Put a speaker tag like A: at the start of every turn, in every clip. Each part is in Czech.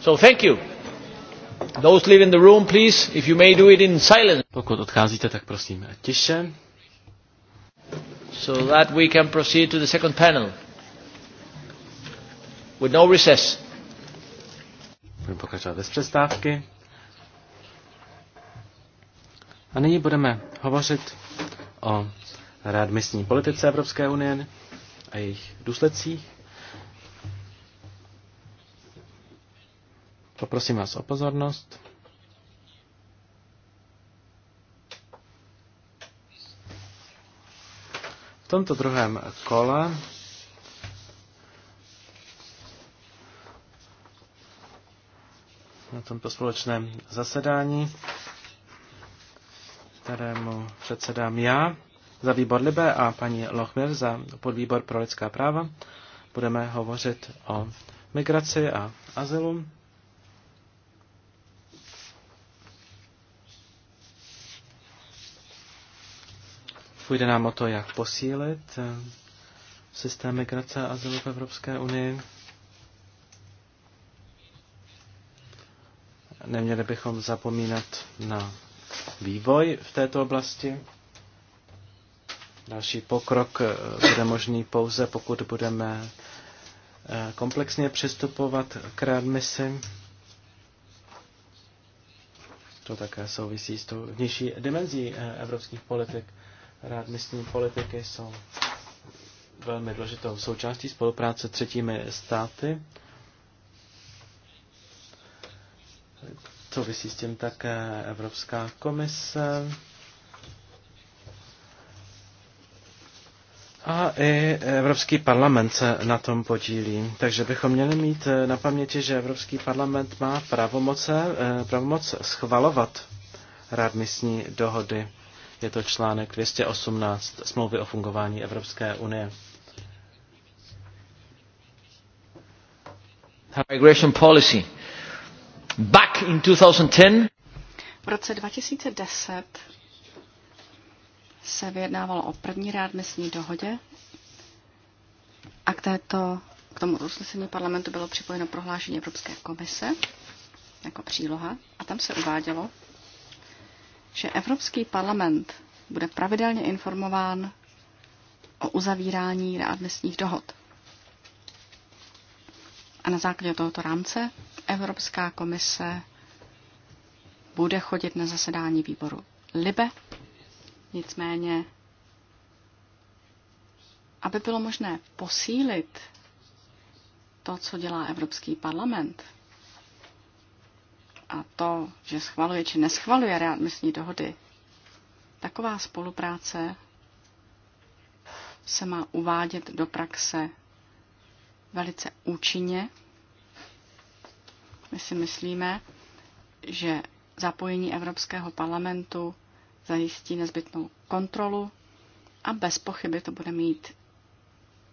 A: So thank you. Those live in the room, please, if you may do it in silence. Pokud odcházíte, tak prosím tiše. So that we can proceed to the second panel. With no recess. Budeme pokračovat bez přestávky. A nyní budeme hovořit o readmisní politice Evropské unie a jejich důsledcích. Poprosím vás o pozornost. V tomto druhém kole na tomto společném zasedání, kterému předsedám já za výbor Libe a paní Lochmir za podvýbor pro lidská práva. Budeme hovořit o migraci a azylu. Půjde nám o to, jak posílit eh, systém migrace a azylu v Evropské unii. Neměli bychom zapomínat na vývoj v této oblasti. Další pokrok eh, bude možný pouze, pokud budeme eh, komplexně přistupovat k readmisi. To také souvisí s tou vnější dimenzí evropských politik myslím, politiky jsou velmi důležitou součástí spolupráce třetími státy. vysí s tím také Evropská komise. A i Evropský parlament se na tom podílí. Takže bychom měli mít na paměti, že Evropský parlament má eh, pravomoc schvalovat readmisní dohody. Je to článek 218 smlouvy o fungování Evropské unie. Migration policy. Back in 2010.
B: V roce 2010 se vyjednávalo o první readmisní dohodě a k, této, k tomu usnesení parlamentu bylo připojeno prohlášení Evropské komise jako příloha a tam se uvádělo, že Evropský parlament bude pravidelně informován o uzavírání readmisních dohod. A na základě tohoto rámce Evropská komise bude chodit na zasedání výboru LIBE. Nicméně, aby bylo možné posílit to, co dělá Evropský parlament, a to, že schvaluje či neschvaluje readmisní dohody, taková spolupráce se má uvádět do praxe velice účinně. My si myslíme, že zapojení Evropského parlamentu zajistí nezbytnou kontrolu a bez pochyby to bude mít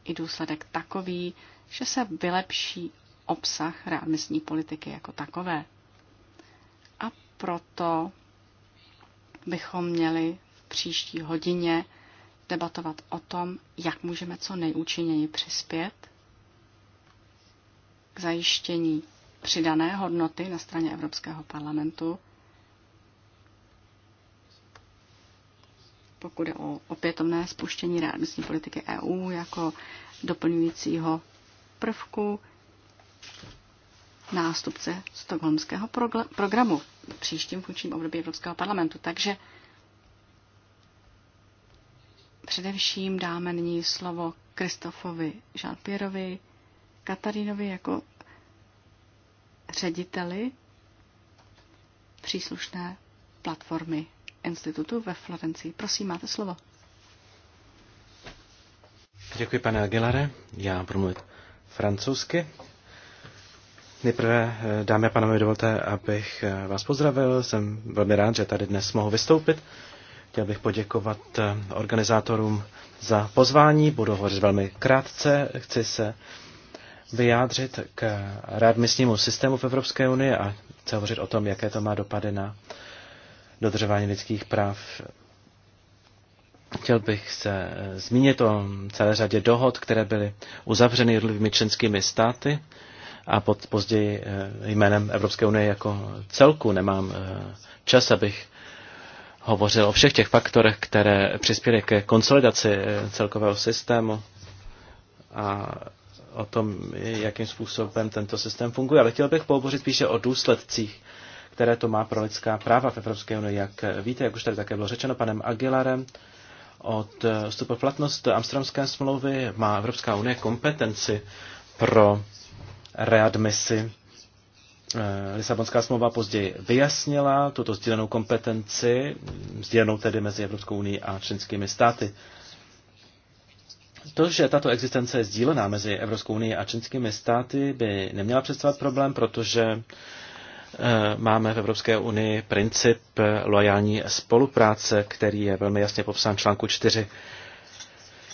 B: i důsledek takový, že se vylepší obsah readmisní politiky jako takové. Proto bychom měli v příští hodině debatovat o tom, jak můžeme co nejúčinněji přispět k zajištění přidané hodnoty na straně Evropského parlamentu, pokud je o opětovné spuštění readmisní politiky EU jako doplňujícího prvku nástupce stokholmského programu v příštím funkčním období Evropského parlamentu. Takže především dáme nyní slovo Kristofovi Žalpěrovi, Katarinovi jako řediteli příslušné platformy institutu ve Florencii. Prosím, máte slovo.
A: Děkuji, pane Aguilare. Já promluvím francouzsky. Nejprve, eh, dámy a pánové, dovolte, abych eh, vás pozdravil. Jsem velmi rád, že tady dnes mohu vystoupit. Chtěl bych poděkovat eh, organizátorům za pozvání. Budu hovořit velmi krátce. Chci se vyjádřit k readmisnímu systému v Evropské unii a chci hovořit o tom, jaké to má dopady na dodržování lidských práv. Chtěl bych se zmínit o celé řadě dohod, které byly uzavřeny jednotlivými členskými státy a pod, později eh, jménem Evropské unie jako celku. Nemám eh, čas, abych hovořil o všech těch faktorech, které přispěly ke konsolidaci eh, celkového systému a o tom, jakým způsobem tento systém funguje. Ale chtěl bych pohovořit spíše o důsledcích, které to má pro lidská práva v Evropské unii. Jak víte, jak už tady také bylo řečeno panem Aguilarem, od vstupu platnost Amsterdamské smlouvy má Evropská unie kompetenci pro readmisi. Eh, Lisabonská smlouva později vyjasnila tuto sdílenou kompetenci, sdílenou tedy mezi Evropskou unii a členskými státy. To, že tato existence je sdílená mezi Evropskou unii a členskými státy, by neměla představovat problém, protože eh, máme v Evropské unii princip loajální spolupráce, který je velmi jasně popsán článku 4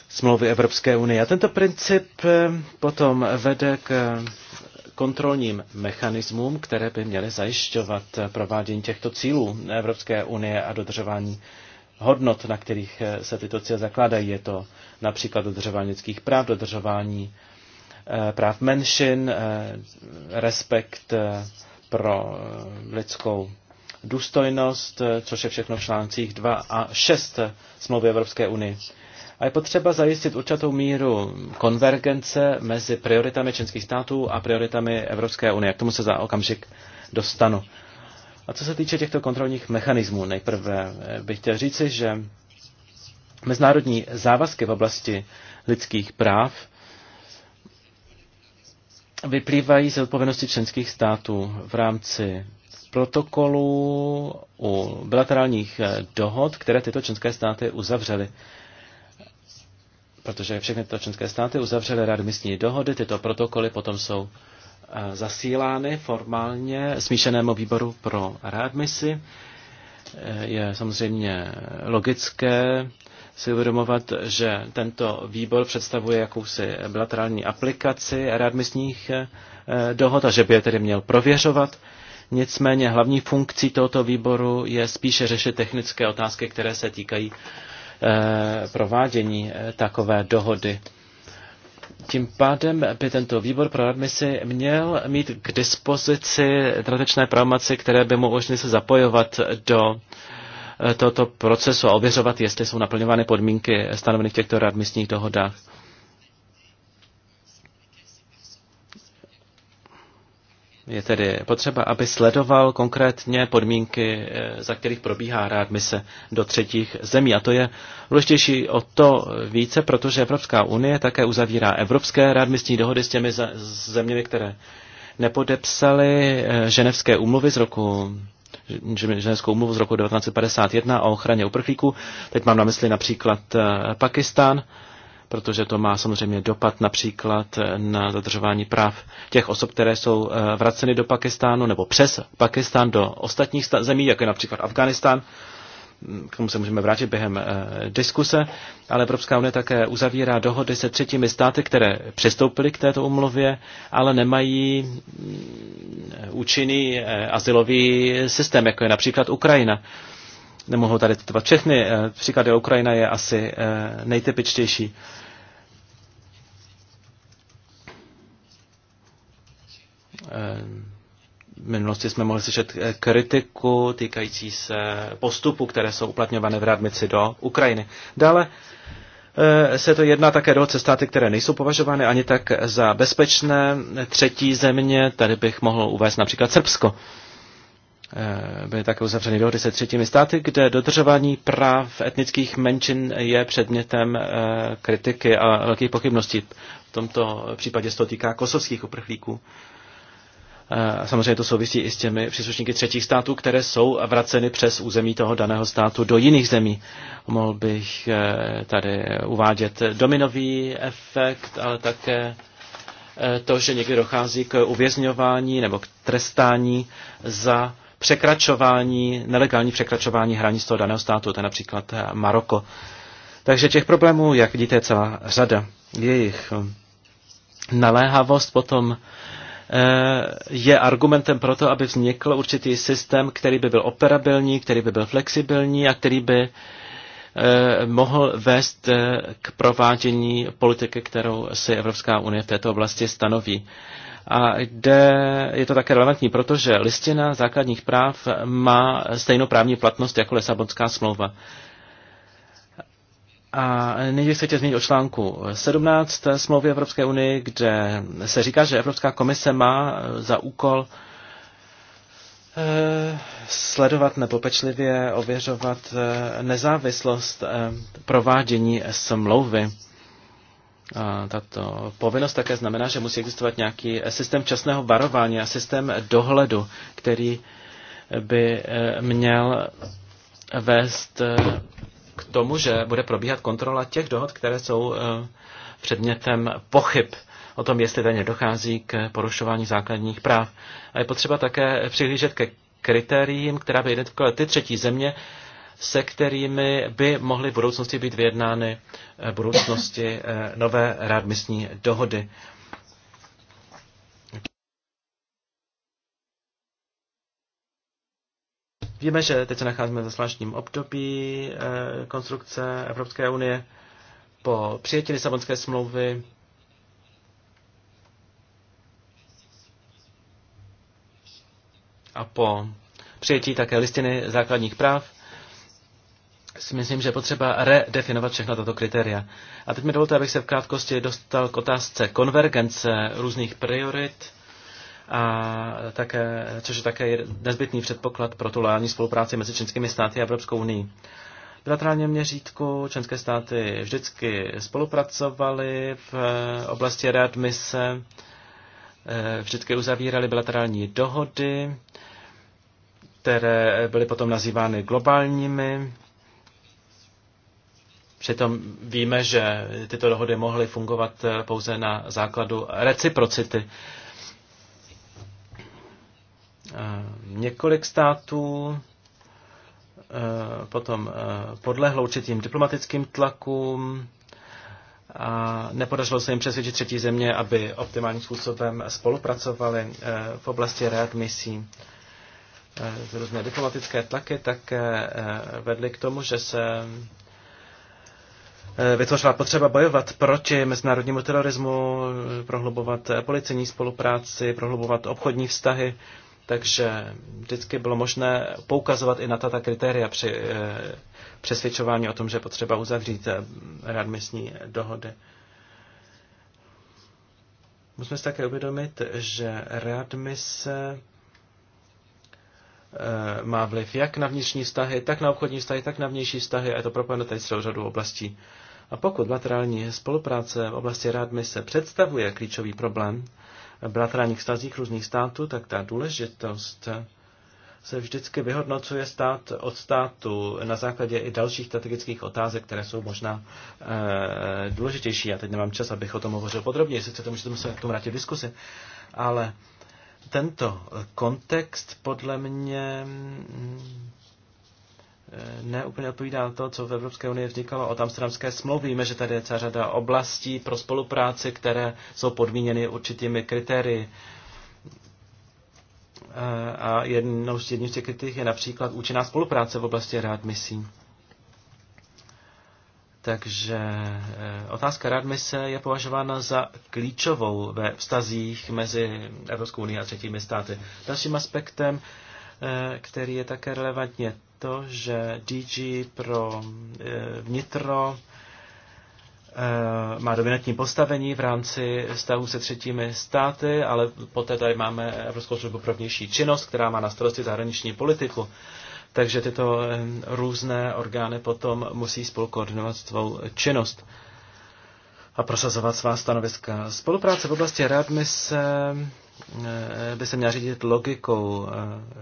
A: smlouvy Evropské unie. A tento princip eh, potom vede k kontrolním mechanismům, které by měly zajišťovat provádění těchto cílů Evropské unie a dodržování hodnot, na kterých eh, se tyto cíle zakládají. Je to například dodržování lidských práv, dodržování eh, práv menšin, eh, respekt pro lidskou důstojnost, což je všechno v článcích 2 a 6 smlouvy Evropské unie. A je potřeba zajistit určitou míru konvergence mezi prioritami členských států a prioritami Evropské unie. K tomu se za okamžik dostanu. A co se týče těchto kontrolních mechanismů, nejprve eh, bych chtěl říci, že mezinárodní závazky v oblasti lidských práv vyplývají z odpovědnosti členských států v rámci protokolů u bilaterálních eh, dohod, které tyto členské státy uzavřely protože všechny tyto členské státy uzavřely readmisní dohody, tyto protokoly potom jsou eh, zasílány formálně smíšenému výboru pro readmisi. Eh, je samozřejmě logické si uvědomovat, že tento výbor představuje jakousi bilaterální aplikaci readmisních eh, dohod a že by je tedy měl prověřovat. Nicméně hlavní funkcí tohoto výboru je spíše řešit technické otázky, které se týkají Eh, provádění eh, takové dohody. Tím pádem by tento výbor pro admisi měl mít k dispozici dodatečné pravomoci, které by mu umožnily se zapojovat do eh, tohoto procesu a ověřovat, jestli jsou naplňovány podmínky stanovených v těchto readmisních dohodách. Je tedy potřeba, aby sledoval konkrétně podmínky, eh, za kterých probíhá rád mise do třetích zemí. A to je důležitější o to více, protože Evropská unie také uzavírá evropské rádmistní dohody s těmi zeměmi, které nepodepsaly eh, ženevské úmluvy z roku ženevskou úmluvu z roku 1951 o ochraně uprchlíků. Teď mám na mysli například eh, Pakistán protože to má samozřejmě dopad například na zadržování práv těch osob, které jsou eh, vraceny do Pakistánu nebo přes Pakistán do ostatních zemí, jako je například Afganistán. Mm, k tomu se můžeme vrátit během eh, diskuse, ale Evropská unie také uzavírá dohody se třetími státy, které přistoupily k této umluvě, ale nemají mm, účinný eh, asilový systém, jako je například Ukrajina nemohu tady citovat všechny. Příklad Ukrajina je asi nejtypičtější. Eh, v minulosti jsme mohli slyšet eh, kritiku týkající se postupů, které jsou uplatňované v rádmici do Ukrajiny. Dále eh, se to jedná také dohod státy, které nejsou považovány ani tak za bezpečné třetí země. Tady bych mohl uvést například Srbsko. Byly také uzavřeny dohody se třetími státy, kde dodržování práv etnických menšin je předmětem kritiky a velkých pochybností. V tomto případě se to týká kosovských uprchlíků. Eh, samozřejmě to souvisí i s těmi příslušníky třetích států, které jsou vraceny přes území toho daného státu do jiných zemí. Mohl bych eh, tady uvádět dominový efekt, ale také eh, to, že někdy dochází k uvězňování nebo k trestání za překračování, nelegální překračování hranic toho daného státu, to je například Maroko. Takže těch problémů, jak vidíte, je celá řada. Jejich naléhavost potom je argumentem pro to, aby vznikl určitý systém, který by byl operabilní, který by byl flexibilní a který by eh, mohl vést eh, k provádění politiky, kterou si Evropská unie v této oblasti stanoví. A jde, je to také relevantní, protože listina základních práv má stejnou právní platnost jako Lisabonská smlouva. A nyní se tě zmínit o článku 17 smlouvy Evropské unie, kde se říká, že Evropská komise má za úkol eh, sledovat nebo pečlivě ověřovat eh, nezávislost eh, provádění smlouvy. A tato povinnost také znamená, že musí existovat nějaký systém časného varování a systém dohledu, který by měl vést tomu, že bude probíhat kontrola těch dohod, které jsou eh, předmětem pochyb o tom, jestli tady nedochází k porušování základních práv. A je potřeba také přihlížet ke kritériím, která by identifikovala ty třetí země, se kterými by mohly v budoucnosti být vyjednány eh, v budoucnosti eh, nové readmisní dohody. Víme, že teď se nacházíme ve zvláštním období eh, konstrukce Evropské unie. Po přijetí Lisabonské smlouvy a po přijetí také listiny základních práv si myslím, že je potřeba redefinovat všechna tato kritéria. A teď mi dovolte, abych se v krátkosti dostal k otázce konvergence různých priorit a také, což je také nezbytný předpoklad pro tu lojální spolupráci mezi členskými státy a Evropskou unii. V bilaterálním měřítku členské státy vždycky spolupracovaly v eh, oblasti readmise, eh, vždycky uzavíraly bilaterální dohody, které byly potom nazývány globálními. Přitom víme, že tyto dohody mohly fungovat eh, pouze na základu reciprocity. Eh, několik států eh, potom eh, podlehlo určitým diplomatickým tlakům a nepodařilo se jim přesvědčit třetí země, aby optimálním způsobem spolupracovali v oblasti readmisí. Různé diplomatické tlaky také vedly k tomu, že se vytvořila potřeba bojovat proti mezinárodnímu terorismu, prohlubovat policejní spolupráci, prohlubovat obchodní vztahy takže vždycky bylo možné poukazovat i na tato kritéria při eh, přesvědčování o tom, že potřeba uzavřít eh, readmisní dohody. Musíme si také uvědomit, že readmise eh, má vliv jak na vnitřní vztahy, tak na obchodní vztahy, tak na vnější vztahy a je to propojeno tady celou řadou oblastí. A pokud laterální spolupráce v oblasti readmise představuje klíčový problém, bilaterálních stazích různých států, tak ta důležitost se vždycky vyhodnocuje stát od státu na základě i dalších strategických otázek, které jsou možná e, důležitější. Já teď nemám čas, abych o tom hovořil podrobně, sice to můžete se k tomu vrátit v diskusi. Ale tento kontext podle mě mm, Eh, úplně odpovídá to, co v Evropské unii vznikalo od Amsterdamské smlouvy. Víme, že tady je celá řada oblastí pro spolupráci, které jsou podmíněny určitými kritérii. Eh, a jednou z jedním z těch kritik je například účinná spolupráce v oblasti readmisí. Takže eh, otázka readmise je považována za klíčovou ve vztazích mezi Evropskou unii a třetími státy. Dalším aspektem, který je také relevantně to, že DG pro eh, vnitro eh, má dominantní postavení v rámci vztahu se třetími státy, ale poté tady máme Evropskou službu pro vnější činnost, která má na starosti zahraniční politiku. Takže tyto eh, různé orgány potom musí spolukoordinovat svou činnost a prosazovat svá stanoviska. Spolupráce v oblasti readmise Eh, by se měla řídit logikou,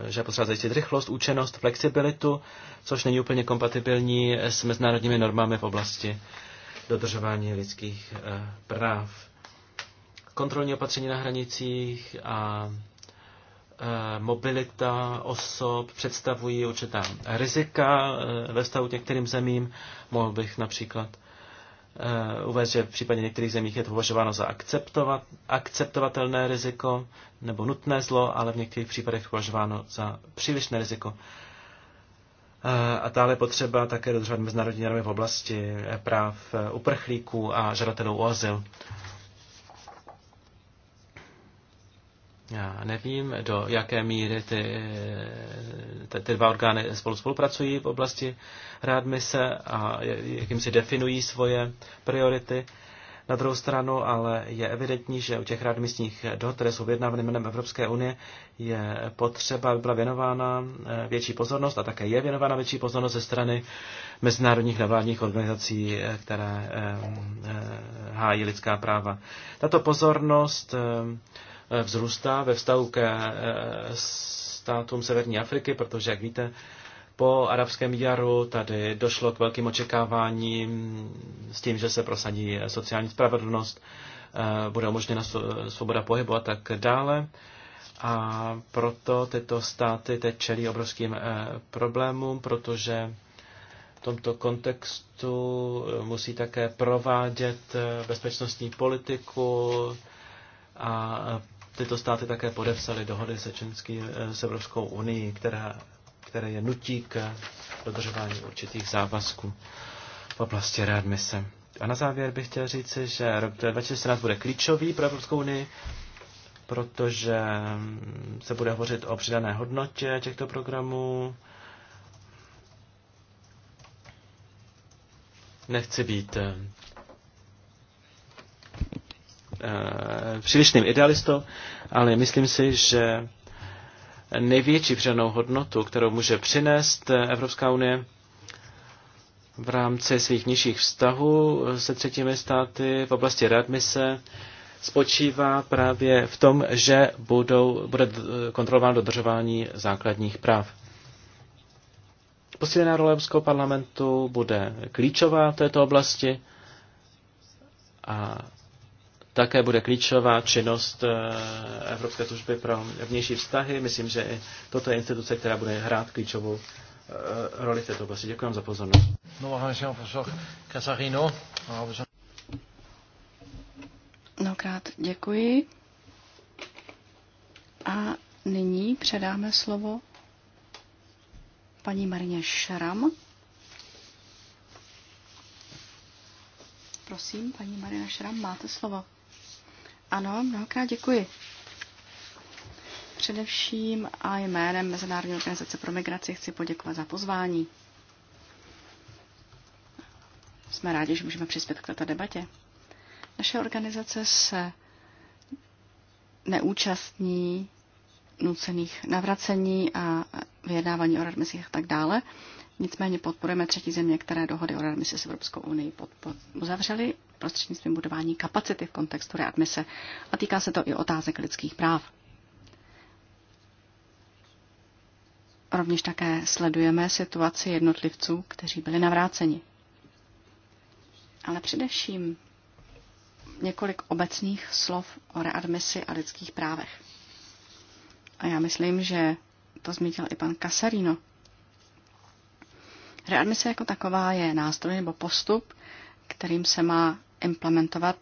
A: eh, že potřeba zajistit rychlost, účinnost, flexibilitu, což není úplně kompatibilní s mezinárodními normami v oblasti dodržování lidských eh, práv. Kontrolní opatření na hranicích a mobilita osob představují určitá rizika ve vztahu k některým zemím. Mohl bych například Eh, uvést, že v případě některých zemích je to považováno za akceptovat, akceptovatelné riziko nebo nutné zlo, ale v některých případech považováno za přílišné riziko. Eh, a dále potřeba také dodržovat mezinárodní normy v oblasti eh, práv uprchlíků a žadatelů o azyl. Já nevím, do jaké míry ty, ty, eh, ty dva orgány spolu spolupracují v oblasti readmise a jakým si definují svoje priority. Na druhou stranu ale je evidentní, že u těch readmisních dohod, které jsou vyjednávány jménem Evropské unie, je potřeba, aby byla věnována eh, větší pozornost a také je věnována větší pozornost ze strany mezinárodních nevládních organizací, eh, které hájí lidská práva. Tato pozornost vzrůstá ve vztahu ke eh, státům Severní Afriky, protože, jak víte, po arabském jaru tady došlo k velkým očekáváním s tím, že se prosadí sociální spravedlnost, eh, bude umožněna svoboda pohybu a tak dále. A proto tyto státy teď čelí obrovským eh, problémům, protože v tomto kontextu musí také provádět bezpečnostní politiku a Tyto státy také podepsaly dohody se, čínský, eh, s Evropskou unii, která, které je nutí k dodržování určitých závazků v oblasti readmise. A na závěr bych chtěl říci, že rok 2014 bude klíčový pro Evropskou unii, protože mm, se bude hovořit o přidané hodnotě těchto programů. Nechci být eh, Eh, přílišným idealistou, ale myslím si, že největší přidanou hodnotu, kterou může přinést eh, Evropská unie v rámci svých nižších vztahů se třetími státy v oblasti readmise, spočívá právě v tom, že budou, bude eh, kontrolováno dodržování základních práv. Posílená role Evropského parlamentu bude klíčová v této oblasti a také bude klíčová činnost eh, Evropské služby pro vnější vztahy. Myslím, že i toto je instituce, která bude hrát klíčovou eh, roli v této oblasti. Děkuji vám za pozornost. No,
B: Mnohokrát děkuji. A nyní předáme slovo paní Marině Šram. Prosím, paní Marina Šram, máte slovo. Ano, mnohokrát děkuji. Především a jménem Mezinárodní organizace pro migraci chci poděkovat za pozvání. Jsme rádi, že můžeme přispět k této debatě. Naše organizace se neúčastní nucených navracení a vyjednávání o readmisích a tak dále. Nicméně podporujeme třetí země, které dohody o readmisi s Evropskou unii uzavřely prostřednictvím budování kapacity v kontextu readmise a týká se to i otázek lidských práv. Rovněž také sledujeme situaci jednotlivců, kteří byli navráceni. Ale především několik obecných slov o readmisi a lidských právech. A já myslím, že to zmítil i pan Kasarino. Readmise jako taková je nástroj nebo postup, kterým se má implementovat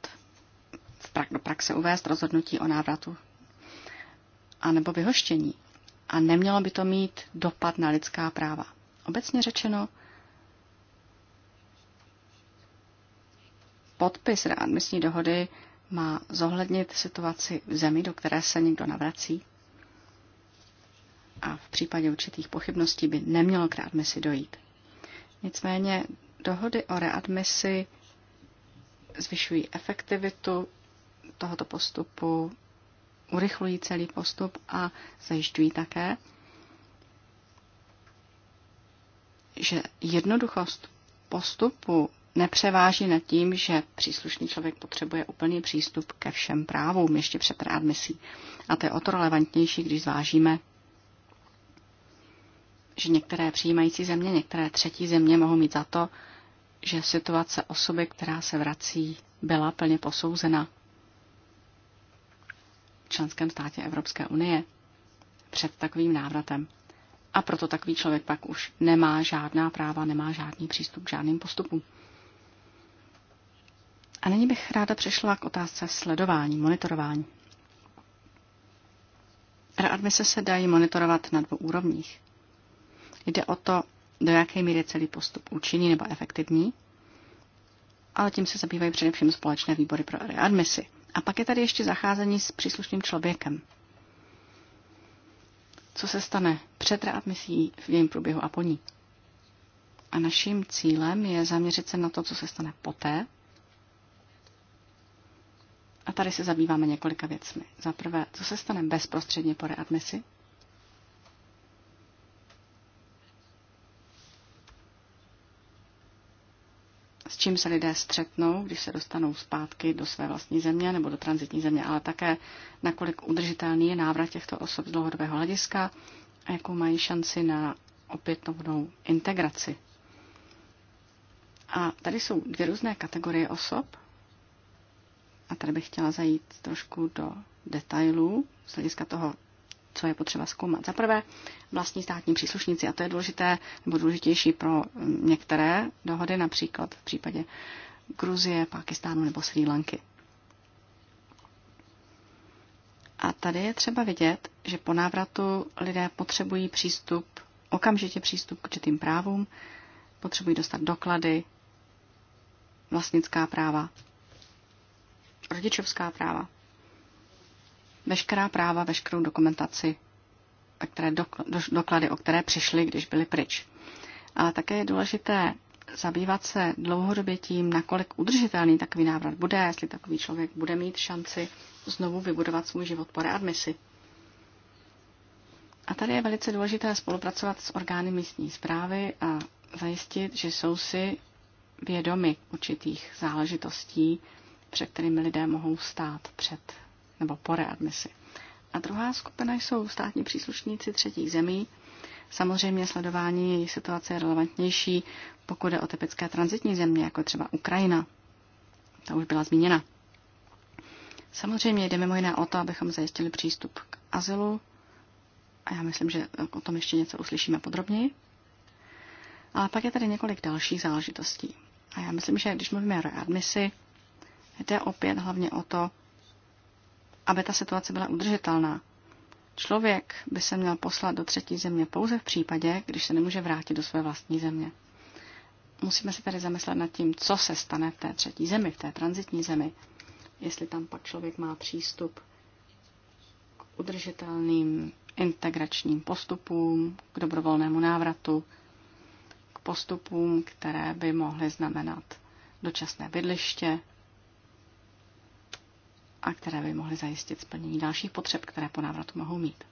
B: v prak- do praxe uvést rozhodnutí o návratu a nebo vyhoštění. A nemělo by to mít dopad na lidská práva. Obecně řečeno, podpis readmisní dohody má zohlednit situaci v zemi, do které se někdo navrací, a v případě určitých pochybností by nemělo k readmisi dojít. Nicméně dohody o readmisi zvyšují efektivitu tohoto postupu, urychlují celý postup a zajišťují také, že jednoduchost postupu nepřeváží nad tím, že příslušný člověk potřebuje úplný přístup ke všem právům ještě před readmisí. A to je o to relevantnější, když zvážíme, že některé přijímající země, některé třetí země mohou mít za to, že situace osoby, která se vrací, byla plně posouzena v členském státě Evropské unie před takovým návratem. A proto takový člověk pak už nemá žádná práva, nemá žádný přístup k žádným postupům. A nyní bych ráda přešla k otázce sledování, monitorování. Readmise se dají monitorovat na dvou úrovních. Jde o to, do jaké míry je celý postup účinný nebo efektivní, ale tím se zabývají především společné výbory pro readmisi. A pak je tady ještě zacházení s příslušným člověkem. Co se stane před readmisí v jejím průběhu a po ní? A naším cílem je zaměřit se na to, co se stane poté. A tady se zabýváme několika věcmi. Za prvé, co se stane bezprostředně po readmisi, čím se lidé střetnou, když se dostanou zpátky do své vlastní země nebo do transitní země, ale také nakolik udržitelný je návrat těchto osob z dlouhodobého hlediska a jakou mají šanci na opětovnou integraci. A tady jsou dvě různé kategorie osob. A tady bych chtěla zajít trošku do detailů z hlediska toho, co je potřeba zkoumat. Za prvé, vlastní státní příslušníci, a to je důležité nebo důležitější pro mm, některé dohody, například v případě Gruzie, Pakistánu nebo Sri Lanky. A tady je třeba vidět, že po návratu lidé potřebují přístup, okamžitě přístup k určitým právům, potřebují dostat doklady, vlastnická práva, rodičovská práva veškerá práva, veškerou dokumentaci, a které do, do, doklady, o které přišly, když byli pryč. Ale také je důležité zabývat se dlouhodobě tím, nakolik udržitelný takový návrat bude, jestli takový člověk bude mít šanci znovu vybudovat svůj život po readmisi. A tady je velice důležité spolupracovat s orgány místní zprávy a zajistit, že jsou si vědomi určitých záležitostí, před kterými lidé mohou stát před nebo po readmisi. A druhá skupina jsou státní příslušníci třetích zemí. Samozřejmě sledování jejich situace je relevantnější, pokud je o typické transitní země, jako třeba Ukrajina. Ta už byla zmíněna. Samozřejmě jde mimo jiné o to, abychom zajistili přístup k azylu. A já myslím, že o tom ještě něco uslyšíme podrobněji. Ale pak je tady několik dalších záležitostí. A já myslím, že když mluvíme o readmisi, jde opět hlavně o to, aby ta situace byla udržitelná. Člověk by se měl poslat do třetí země pouze v případě, když se nemůže vrátit do své vlastní země. Musíme se tedy zamyslet nad tím, co se stane v té třetí zemi, v té transitní zemi, jestli tam pak člověk má přístup k udržitelným integračním postupům, k dobrovolnému návratu, k postupům, které by mohly znamenat dočasné bydliště, a které by mohly zajistit splnění dalších potřeb, které po návratu mohou mít.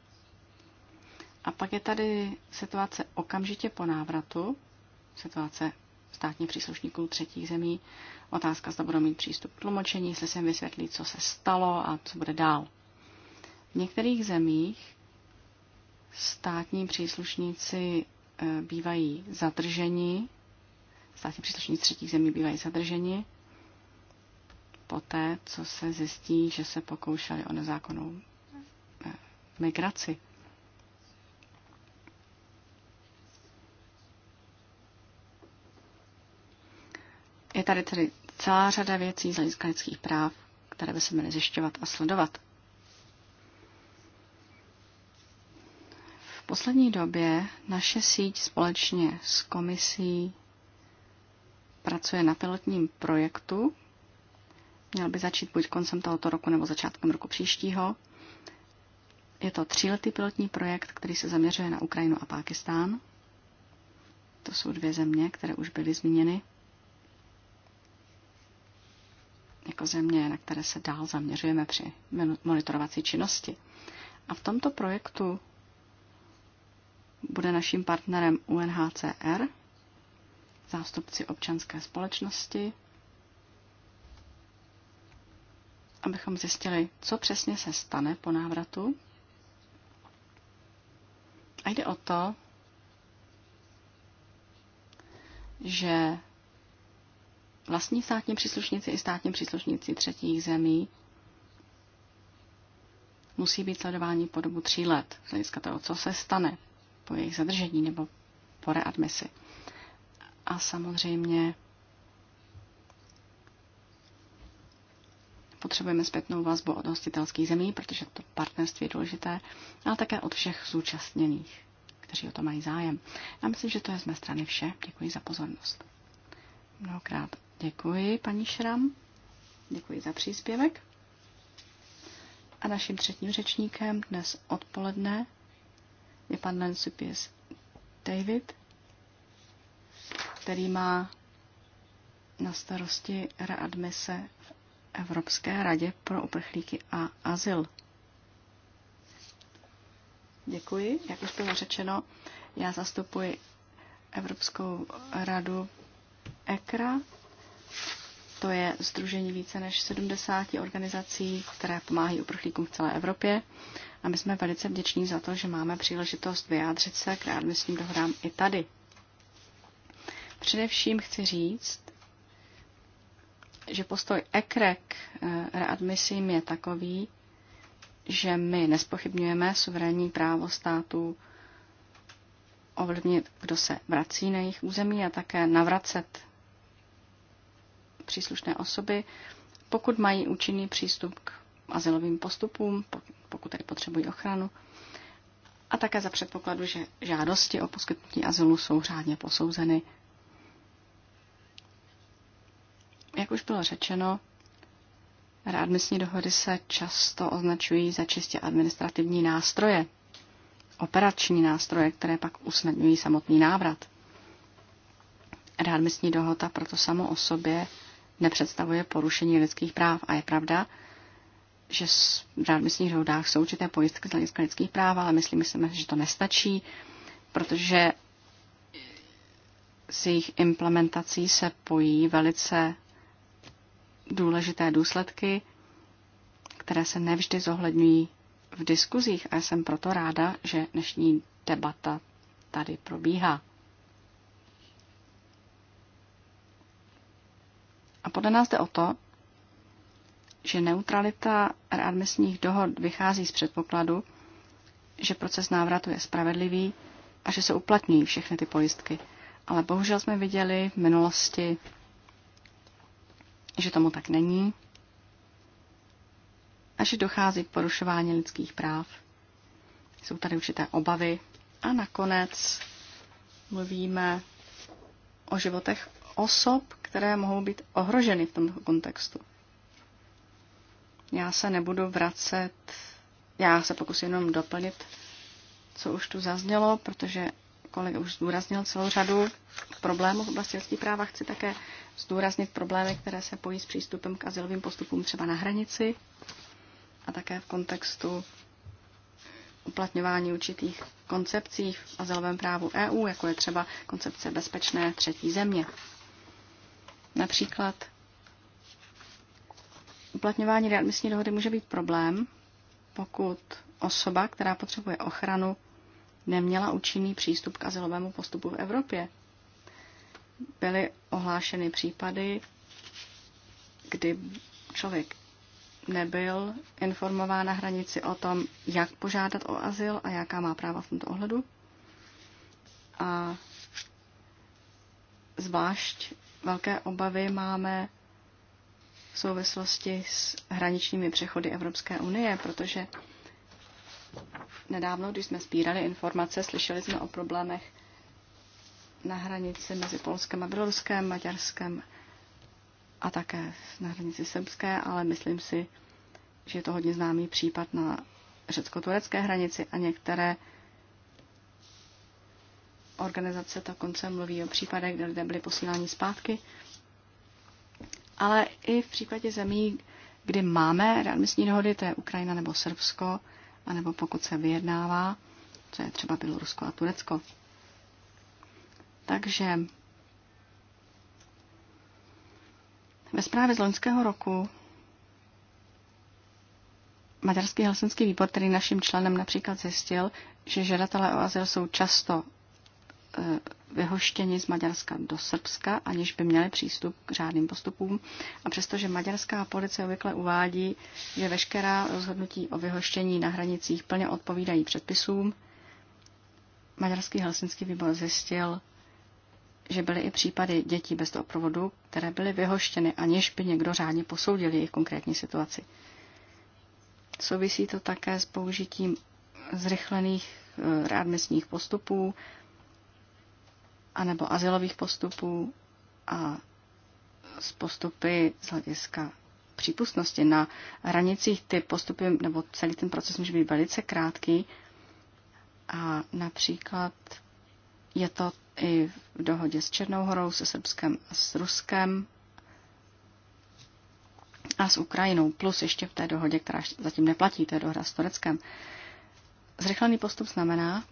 B: A pak je tady situace okamžitě po návratu, situace státních příslušníků třetích zemí, otázka, zda budou mít přístup k tlumočení, jestli se jim vysvětlí, co se stalo a co bude dál. V některých zemích státní příslušníci eh, bývají zadrženi, státní příslušníci třetích zemí bývají zadrženi poté, co se zjistí, že se pokoušeli o nezákonnou eh, migraci. Je tady tedy celá řada věcí z hlediska lidských práv, které by se měly zjišťovat a sledovat. V poslední době naše síť společně s komisí pracuje na pilotním projektu, Měl by začít buď koncem tohoto roku nebo začátkem roku příštího. Je to tříletý pilotní projekt, který se zaměřuje na Ukrajinu a Pákistán. To jsou dvě země, které už byly zmíněny jako země, na které se dál zaměřujeme při monitorovací činnosti. A v tomto projektu bude naším partnerem UNHCR, zástupci občanské společnosti, abychom zjistili, co přesně se stane po návratu. A jde o to, že vlastní státní příslušníci i státní příslušníci třetích zemí musí být sledováni po dobu tří let, z hlediska toho, co se stane po jejich zadržení nebo po readmisi. A samozřejmě Potřebujeme zpětnou vazbu od hostitelských zemí, protože to partnerství je důležité, ale také od všech zúčastněných, kteří o to mají zájem. Já myslím, že to je z mé strany vše. Děkuji za pozornost. Mnohokrát děkuji, paní Šram. Děkuji za příspěvek. A naším třetím řečníkem dnes odpoledne je pan Lensupies David, který má na starosti readmise v Evropské radě pro uprchlíky a azyl. Děkuji. Jak už bylo řečeno, já zastupuji Evropskou radu ECRA. To je združení více než 70 organizací, které pomáhají uprchlíkům v celé Evropě. A my jsme velice vděční za to, že máme příležitost vyjádřit se k readmisním dohodám i tady. Především chci říct, že postoj ekrek eh, readmisím je takový, že my nespochybňujeme suverénní právo států ovlivnit, kdo se vrací na jejich území a také navracet příslušné osoby, pokud mají účinný přístup k azylovým postupům, pokud tedy potřebují ochranu, a také za předpokladu, že žádosti o poskytnutí azylu jsou řádně posouzeny Jak už bylo řečeno, readmisní dohody se často označují za čistě administrativní nástroje, operační nástroje, které pak usnadňují samotný návrat. Readmisní dohoda proto samo o sobě nepředstavuje porušení lidských práv a je pravda, že v readmisních dohodách jsou určité pojistky z hlediska lidských práv, ale myslím, myslím, že to nestačí, protože s jejich implementací se pojí velice důležité důsledky, které se nevždy zohledňují v diskuzích a jsem proto ráda, že dnešní debata tady probíhá. A podle nás jde o to, že neutralita readmisních dohod vychází z předpokladu, že proces návratu je spravedlivý a že se uplatňují všechny ty pojistky. Ale bohužel jsme viděli v minulosti že tomu tak není a že dochází k porušování lidských práv. Jsou tady určité obavy. A nakonec mluvíme o životech osob, které mohou být ohroženy v tomto kontextu. Já se nebudu vracet, já se pokusím jenom doplnit, co už tu zaznělo, protože kolega už zdůraznil celou řadu problémů v oblasti lidských práva. Chci také zdůraznit problémy, které se pojí s přístupem k asilovým postupům třeba na hranici a také v kontextu uplatňování určitých koncepcí v azylovém právu EU, jako je třeba koncepce bezpečné třetí země. Například uplatňování readmisní dohody může být problém, pokud osoba, která potřebuje ochranu, neměla účinný přístup k azylovému postupu v Evropě. Byly ohlášeny případy, kdy člověk nebyl informován na hranici o tom, jak požádat o azyl a jaká má práva v tomto ohledu. A zvlášť velké obavy máme v souvislosti s hraničními přechody Evropské unie, protože Nedávno, když jsme sbírali informace, slyšeli jsme o problémech na hranici mezi Polskem a Běloruskem, Maďarskem a také na hranici srbské, ale myslím si, že je to hodně známý případ na řecko-turecké hranici a některé organizace konce mluví o případech, kde lidé byli posíláni zpátky. Ale i v případě zemí, kdy máme readmisní dohody, to je Ukrajina nebo Srbsko, anebo pokud se vyjednává, co je třeba Bělorusko a Turecko. Takže ve zprávě z loňského roku Maďarský helsinský výbor, který naším členem například zjistil, že žadatelé o azyl jsou často Eh, vyhoštěni z Maďarska do Srbska, aniž by měli přístup k řádným postupům. A přestože maďarská policie obvykle uvádí, že veškerá rozhodnutí o vyhoštění na hranicích plně odpovídají předpisům, Maďarský Helsinský výbor zjistil, že byly i případy dětí bez doprovodu, které byly vyhoštěny, aniž by někdo řádně posoudil jejich konkrétní situaci. Souvisí to také s použitím zrychlených eh, readmisních postupů, anebo azylových postupů a z postupy z hlediska přípustnosti. Na hranicích ty postupy nebo celý ten proces může být velice krátký a například je to i v dohodě s Černou horou, se Srbskem a s Ruskem a s Ukrajinou, plus ještě v té dohodě, která zatím neplatí, to je dohoda s Tureckem. Zrychlený postup znamená,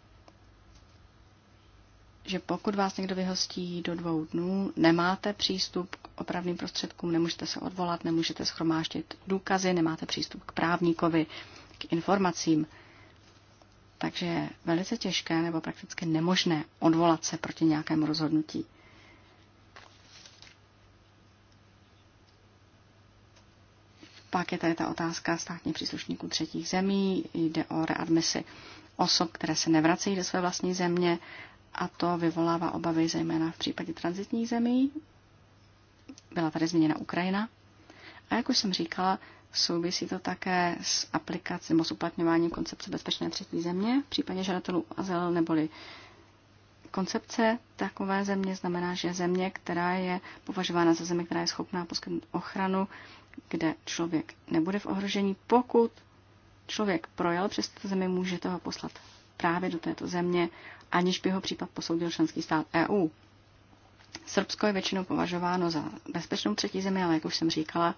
B: že pokud vás někdo vyhostí do dvou dnů, nemáte přístup k opravným prostředkům, nemůžete se odvolat, nemůžete schromáždit důkazy, nemáte přístup k právníkovi, k informacím. Takže je velice těžké nebo prakticky nemožné odvolat se proti nějakému rozhodnutí. Pak je tady ta otázka státních příslušníků třetích zemí, jde o readmisi osob, které se nevracejí do své vlastní země a to vyvolává obavy zejména v případě transitních zemí. Byla tady změněna Ukrajina. A jak už jsem říkala, souvisí to také s aplikací nebo s uplatňováním koncepce bezpečné třetí země. V případě žadatelů azyl neboli koncepce takové země znamená, že země, která je považována za země, která je schopná poskytnout ochranu, kde člověk nebude v ohrožení, pokud člověk projel přes tuto zemi, může toho poslat právě do této země aniž by ho případ posoudil členský stát EU. Srbsko je většinou považováno za bezpečnou třetí zemi, ale jak už jsem říkala,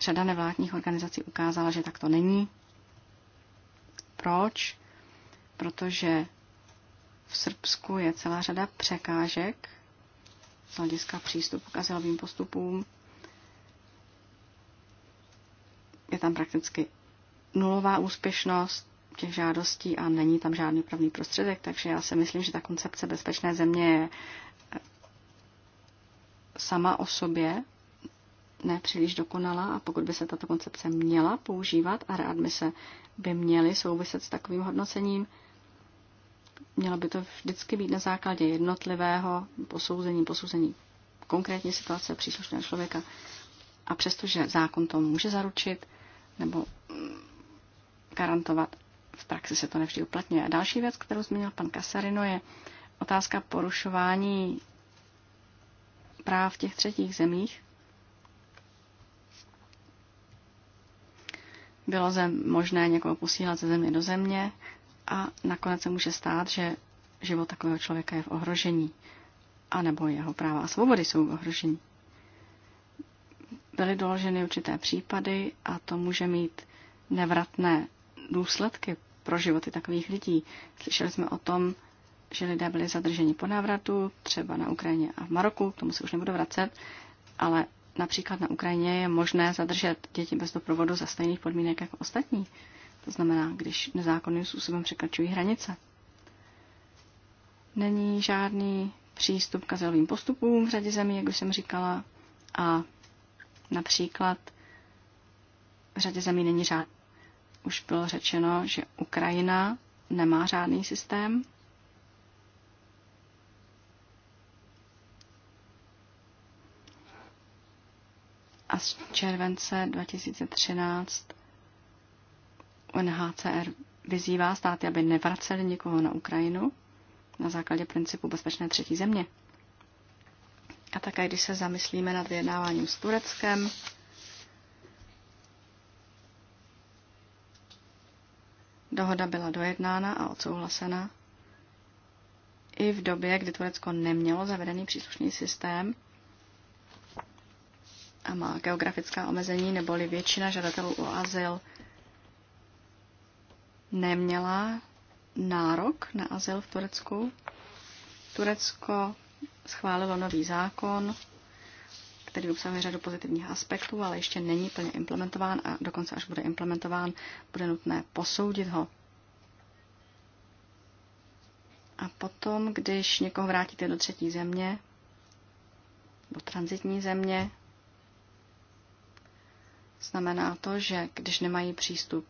B: řada nevládních organizací ukázala, že tak to není. Proč? Protože v Srbsku je celá řada překážek z hlediska přístupu k azylovým postupům. Je tam prakticky nulová úspěšnost těch žádostí a není tam žádný pravný prostředek, takže já si myslím, že ta koncepce bezpečné země je eh, sama o sobě nepříliš dokonalá a pokud by se tato koncepce měla používat a rád by se by měly souviset s takovým hodnocením, mělo by to vždycky být na základě jednotlivého posouzení, posouzení konkrétní situace příslušného člověka. A přestože zákon to může zaručit nebo mm, garantovat, v praxi se to nevždy uplatňuje. A další věc, kterou zmínil pan Kasarino, je otázka porušování práv v těch třetích zemích. Bylo zem, možné někoho posílat ze země do země a nakonec se může stát, že život takového člověka je v ohrožení, a nebo jeho práva a svobody jsou v ohrožení. Byly doloženy určité případy a to může mít nevratné důsledky pro životy takových lidí. Slyšeli jsme o tom, že lidé byli zadrženi po návratu, třeba na Ukrajině a v Maroku, k tomu se už nebudu vracet, ale například na Ukrajině je možné zadržet děti bez doprovodu za stejných podmínek jako ostatní. To znamená, když nezákonným způsobem překračují hranice. Není žádný přístup k azylovým postupům v řadě zemí, jak už jsem říkala, a například v řadě zemí není žádný už bylo řečeno, že Ukrajina nemá žádný systém. A z července 2013 UNHCR vyzývá státy, aby nevraceli nikoho na Ukrajinu na základě principu bezpečné třetí země. A také, když se zamyslíme nad vyjednáváním s Tureckem, Dohoda byla dojednána a odsouhlasena i v době, kdy Turecko nemělo zavedený příslušný systém a má geografická omezení, neboli většina žadatelů o azyl neměla nárok na azyl v Turecku. Turecko schválilo nový zákon, který obsahuje řadu pozitivních aspektů, ale ještě není plně implementován a dokonce až bude implementován, bude nutné posoudit ho. A potom, když někoho vrátíte do třetí země, do transitní země, znamená to, že když nemají přístup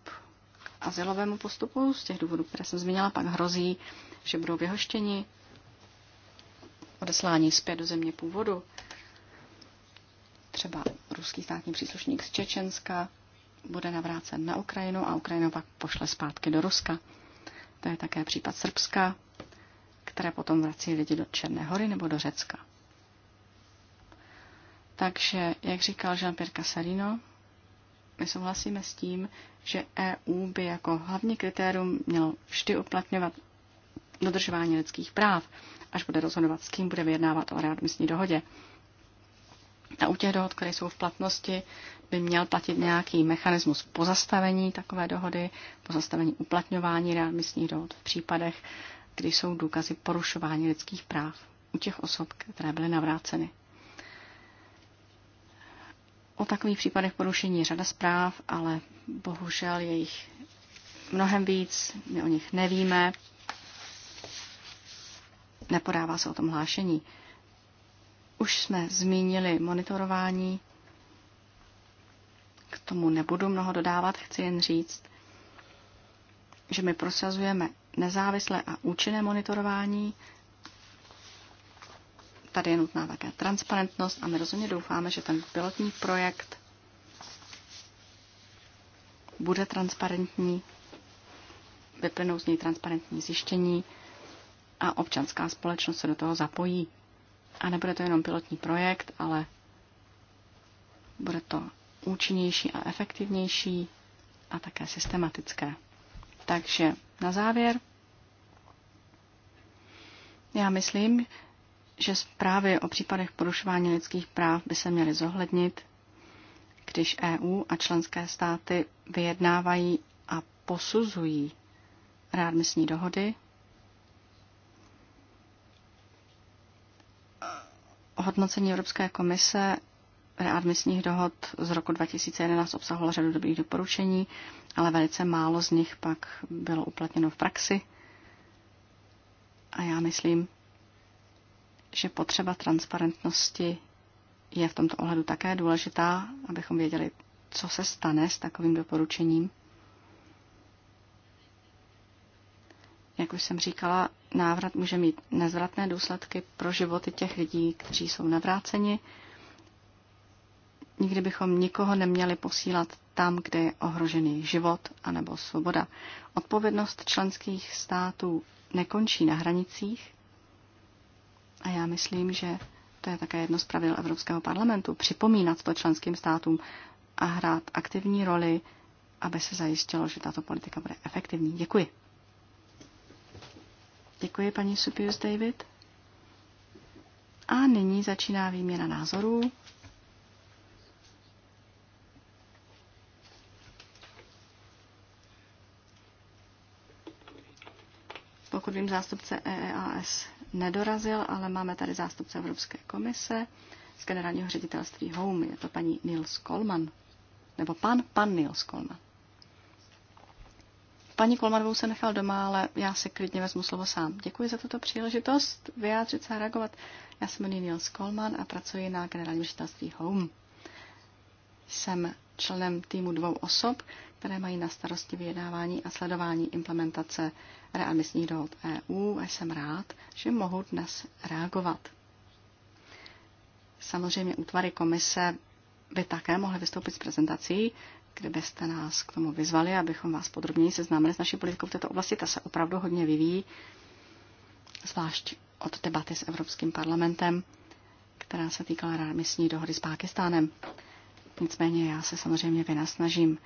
B: k azylovému postupu, z těch důvodů, které jsem zmínila, pak hrozí, že budou vyhoštěni, odeslání zpět do země původu třeba ruský státní příslušník z Čečenska bude navrácen na Ukrajinu a Ukrajina pak pošle zpátky do Ruska. To je také případ Srbska, které potom vrací lidi do Černé hory nebo do Řecka. Takže, jak říkal Jean-Pierre Casarino, my souhlasíme s tím, že EU by jako hlavní kritérium mělo vždy uplatňovat dodržování lidských práv, až bude rozhodovat, s kým bude vyjednávat o readmisní dohodě. A u těch dohod, které jsou v platnosti, by měl platit nějaký mechanismus pozastavení takové dohody, pozastavení uplatňování readmisních dohod v případech, kdy jsou důkazy porušování lidských práv u těch osob, které byly navráceny. O takových případech porušení je řada zpráv, ale bohužel je jich mnohem víc, my o nich nevíme, nepodává se o tom hlášení. Už jsme zmínili monitorování, k tomu nebudu mnoho dodávat, chci jen říct, že my prosazujeme nezávislé a účinné monitorování. Tady je nutná také transparentnost a my rozhodně doufáme, že ten pilotní projekt bude transparentní, vyplynou z něj transparentní zjištění a občanská společnost se do toho zapojí a nebude to jenom pilotní projekt, ale bude to účinnější a efektivnější a také systematické. Takže na závěr, já myslím, že zprávy o případech porušování lidských práv by se měly zohlednit, když EU a členské státy vyjednávají a posuzují readmisní dohody hodnocení Evropské komise readmisních dohod z roku 2011 obsahovalo řadu dobrých doporučení, ale velice málo z nich pak bylo uplatněno v praxi. A já myslím, že potřeba transparentnosti je v tomto ohledu také důležitá, abychom věděli, co se stane s takovým doporučením. Jak už jsem říkala, návrat může mít nezvratné důsledky pro životy těch lidí, kteří jsou navráceni. Nikdy bychom nikoho neměli posílat tam, kde je ohrožený život anebo svoboda. Odpovědnost členských států nekončí na hranicích a já myslím, že to je také jedno z pravidel Evropského parlamentu, připomínat to členským státům a hrát aktivní roli, aby se zajistilo, že tato politika bude efektivní. Děkuji. Děkuji, paní Supius David. A nyní začíná výměna názorů. Pokud vím, zástupce EEAS nedorazil, ale máme tady zástupce Evropské komise z generálního ředitelství HOME. Je to paní Nils Kolman. Nebo pan, pan Nils Kolman. Paní Kolmanovou se nechal doma, ale já si klidně vezmu slovo sám. Děkuji za tuto příležitost vyjádřit se a reagovat. Já jsem jmenuji Niels Kolman a pracuji na generálním ředitelství Home. Jsem členem týmu dvou osob, které mají na starosti vyjednávání a sledování implementace readmisních dohod EU a jsem rád, že mohu dnes reagovat. Samozřejmě útvary komise by také mohly vystoupit s prezentací, kdybyste nás k tomu vyzvali, abychom vás podrobněji seznámili s naší politikou v této oblasti. Ta se opravdu hodně vyvíjí, zvlášť od debaty s Evropským parlamentem, která se týkala readmisní dohody s Pákistánem. Nicméně já se samozřejmě vynasnažím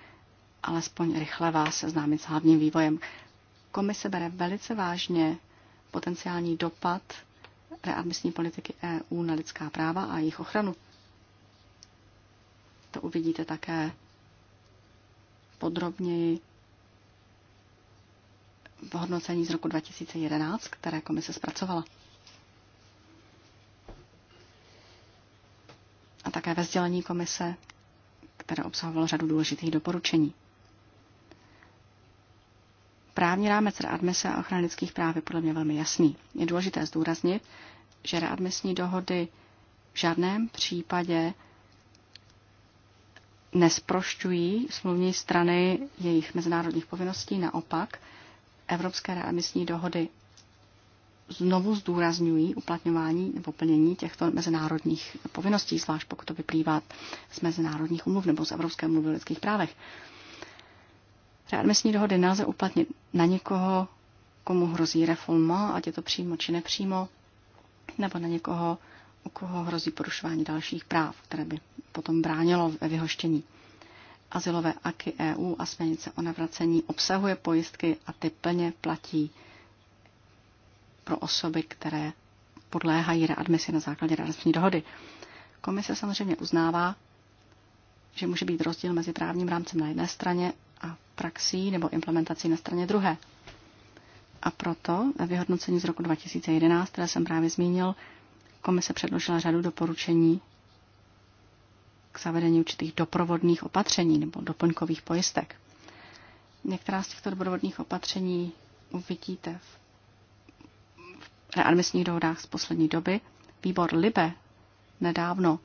B: alespoň rychle vás seznámit s hlavním vývojem. Komise bere velice vážně potenciální dopad readmisní politiky EU na lidská práva a jejich ochranu. To uvidíte také podrobněji v hodnocení z roku 2011, které komise zpracovala. A také ve sdělení komise, které obsahovalo řadu důležitých doporučení. Právní rámec readmise a ochrany lidských práv je podle mě velmi jasný. Je důležité zdůraznit, že readmisní dohody v žádném případě nesprošťují smluvní strany jejich mezinárodních povinností, naopak evropské readmisní dohody znovu zdůrazňují uplatňování nebo plnění těchto mezinárodních povinností, zvlášť pokud to vyplývá z mezinárodních umluv nebo z Evropské umluvy o lidských právech. Readmisní dohody nelze uplatnit na někoho, komu hrozí reforma, ať je to přímo či nepřímo, nebo na někoho, u koho hrozí porušování dalších práv, které by potom bránilo ve vyhoštění. Azylové aky EU a směnice o navracení obsahuje pojistky a ty plně platí pro osoby, které podléhají readmisi na základě readmisní dohody. Komise samozřejmě uznává, že může být rozdíl mezi právním rámcem na jedné straně a praxí nebo implementací na straně druhé. A proto ve vyhodnocení z roku 2011, které jsem právě zmínil, Komise předložila řadu doporučení k zavedení určitých doprovodných opatření nebo doplňkových pojistek. Některá z těchto doprovodných opatření uvidíte v readmisních dohodách z poslední doby. Výbor Libe nedávno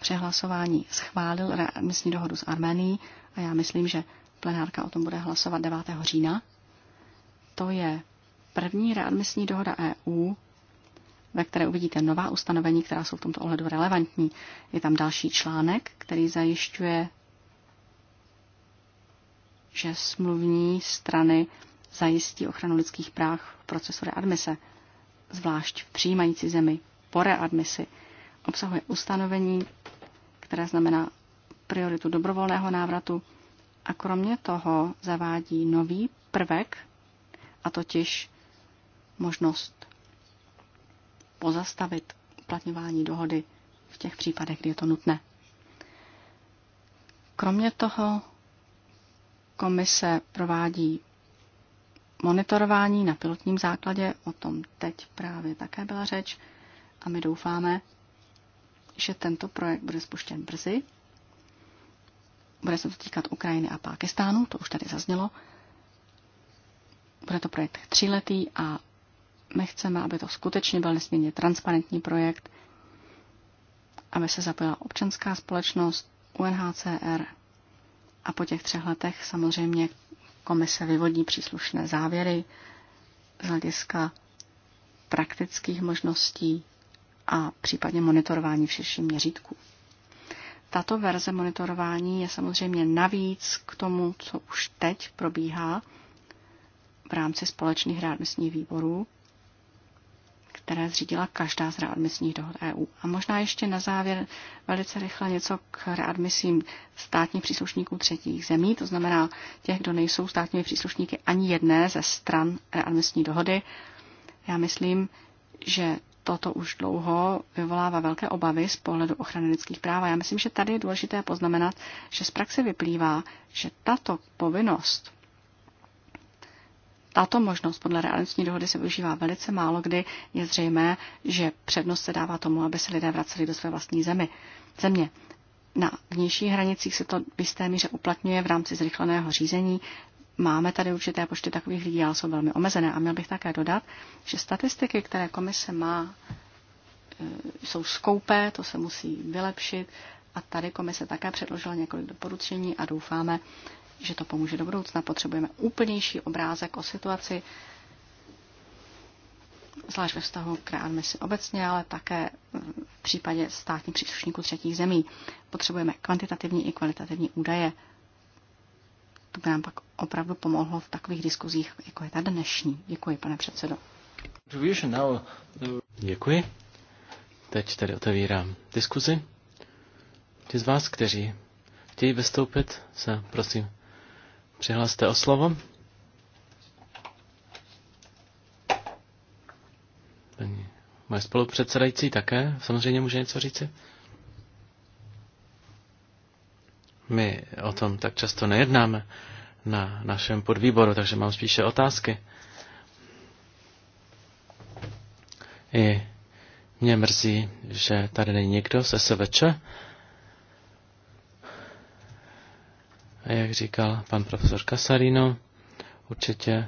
B: přehlasování schválil readmisní dohodu s Arménií a já myslím, že plenárka o tom bude hlasovat 9. října. To je první readmisní dohoda EU, ve které uvidíte nová ustanovení, která jsou v tomto ohledu relevantní. Je tam další článek, který zajišťuje, že smluvní strany zajistí ochranu lidských práv v procesu readmise, zvlášť v přijímající zemi po readmisi. Obsahuje ustanovení, které znamená prioritu dobrovolného návratu a kromě toho zavádí nový prvek, a totiž možnost pozastavit uplatňování dohody v těch případech, kdy je to nutné. Kromě toho komise provádí monitorování na pilotním základě, o tom teď právě také byla řeč, a my doufáme, že tento projekt bude spuštěn brzy. Bude se to týkat Ukrajiny a Pákistánu, to už tady zaznělo. Bude to projekt tříletý a my chceme, aby to skutečně byl nesmírně transparentní projekt, aby se zapojila občanská společnost, UNHCR a po těch třech letech samozřejmě komise vyvodí příslušné závěry z hlediska praktických možností a případně monitorování v širším měřítku. Tato verze monitorování je samozřejmě navíc k tomu, co už teď probíhá v rámci společných readmisních výborů které zřídila každá z readmisních dohod EU. A možná ještě na závěr velice rychle něco k readmisím státních příslušníků třetích zemí, to znamená těch, kdo nejsou státními příslušníky ani jedné ze stran readmisní dohody. Já myslím, že toto už dlouho vyvolává velké obavy z pohledu ochrany lidských práv. A já myslím, že tady je důležité poznamenat, že z praxe vyplývá, že tato povinnost tato možnost podle realitní dohody se využívá velice málo kdy. Je zřejmé, že přednost se dává tomu, aby se lidé vraceli do své vlastní zemi. Země. Na vnějších hranicích se to v jisté míře uplatňuje v rámci zrychleného řízení. Máme tady určité počty takových lidí, ale jsou velmi omezené. A měl bych také dodat, že statistiky, které komise má, eh, jsou skoupé, to se musí vylepšit. A tady komise také předložila několik doporučení a doufáme, že to pomůže do budoucna. Potřebujeme úplnější obrázek o situaci, zvlášť ve vztahu k readmisi obecně, ale také v případě státních příslušníků třetích zemí. Potřebujeme kvantitativní i kvalitativní údaje. To by nám pak opravdu pomohlo v takových diskuzích, jako je ta dnešní. Děkuji, pane předsedo.
A: Uh, Děkuji. Teď tady otevírám diskuzi. Ti z vás, kteří chtějí vystoupit, se prosím přihlaste o slovo. Paní moje spolupředsedající také samozřejmě může něco říci. My o tom tak často nejednáme na našem podvýboru, takže mám spíše otázky. I mě mrzí, že tady není někdo se SVČ, A jak říkal pan profesor Casarino, určitě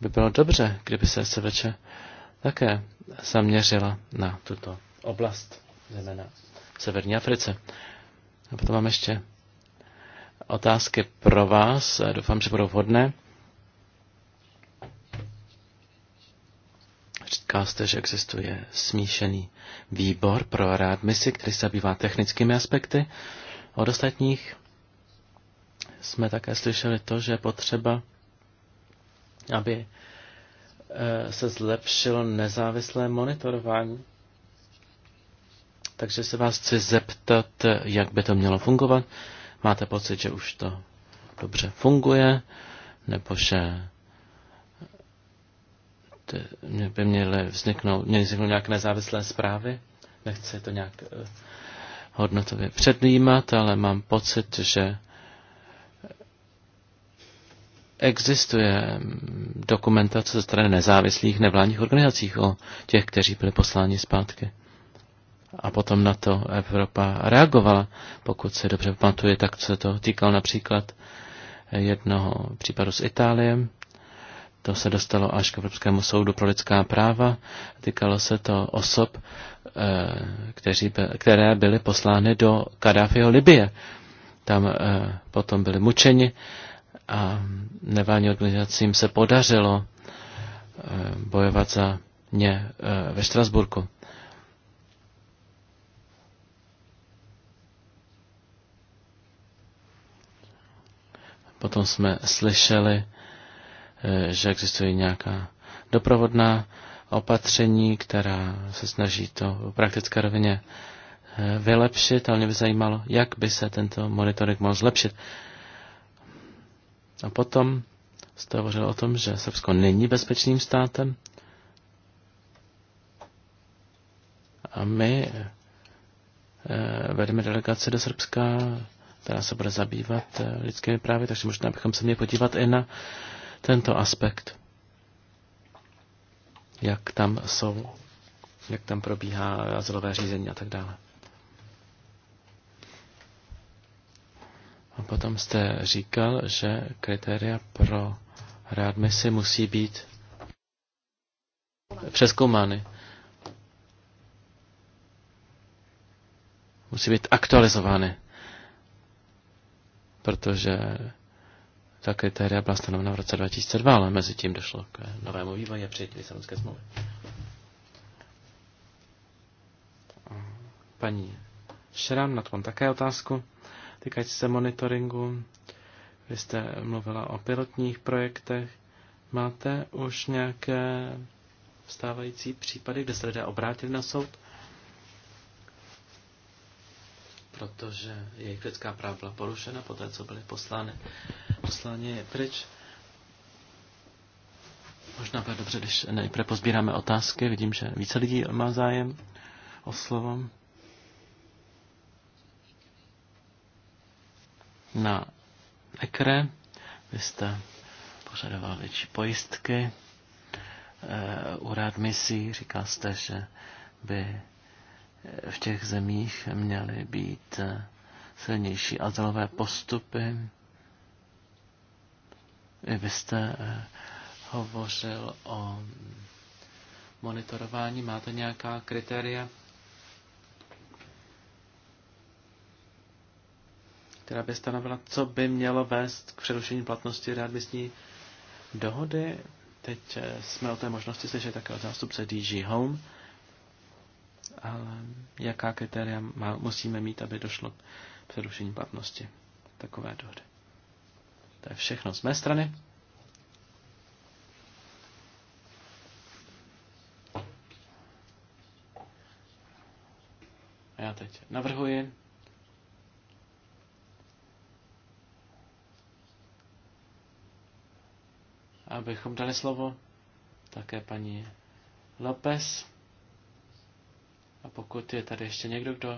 A: by bylo dobře, kdyby se SVČ také zaměřila na tuto oblast, zejména v Severní Africe. A potom mám ještě otázky pro vás. Doufám, že budou vhodné. Říká jste, že existuje smíšený výbor pro rád misi, který se zabývá technickými aspekty. Od ostatních jsme také slyšeli to, že je potřeba, aby e, se zlepšilo nezávislé monitorování. Takže se vás chci zeptat, jak by to mělo fungovat. Máte pocit, že už to dobře funguje, nebo že by měly vzniknout, měly vzniknout nějaké nezávislé zprávy. Nechci to nějak e, hodnotově předjímat, ale mám pocit, že Existuje dokumentace ze strany nezávislých nevládních organizací o těch, kteří byli posláni zpátky. A potom na to Evropa reagovala. Pokud se dobře pamatuje, tak se to týkal například jednoho případu s Itálie. To se dostalo až k Evropskému soudu pro lidská práva. Týkalo se to osob, eh, kteří, které byly poslány do Kadáfiho Libie. Tam eh, potom byli mučeni a nevání organizacím se podařilo eh, bojovat za mě eh, ve Štrasburku. Potom jsme slyšeli, eh, že existuje nějaká doprovodná opatření, která se snaží to v praktické rovině vylepšit, ale mě by zajímalo, jak by se tento monitoring mohl zlepšit. A potom jste hovořil o tom, že Srbsko není bezpečným státem. A my eh, vedeme delegaci do Srbska, která se bude zabývat eh, lidskými právy, takže možná bychom se měli podívat i na tento aspekt, jak tam jsou, jak tam probíhá azylové řízení a tak dále. A potom jste říkal, že kritéria pro readmisi musí být přeskoumány. Musí být aktualizovány. Protože ta kritéria byla stanovena v roce 2002, ale mezi tím došlo k novému vývoji a přijetí Lisabonské smlouvy. Paní Šeran na tom také otázku týkající se monitoringu. Vy jste mluvila o pilotních projektech. Máte už nějaké stávající případy, kde se lidé obrátili na soud? Protože jejich lidská práva byla porušena po té, co byly poslány. Poslání je pryč. Možná bude dobře, když nejprve pozbíráme otázky. Vidím, že více lidí má zájem o slovo. na ekre. Vy jste požadoval větší pojistky. Eh, rád misí říkal jste, že by eh, v těch zemích měly být eh, silnější azylové postupy. I vy jste hovořil o mm, monitorování. Máte nějaká kritéria? která by stanovila, co by mělo vést k přerušení platnosti readmisní dohody. Teď eh, jsme o té možnosti slyšeli také od zástupce DG Home, ale jaká kritéria má, musíme mít, aby došlo k přerušení platnosti takové dohody. To je všechno z mé strany. Já teď navrhuji, abychom dali slovo také paní Lopez. A pokud je tady ještě někdo, kdo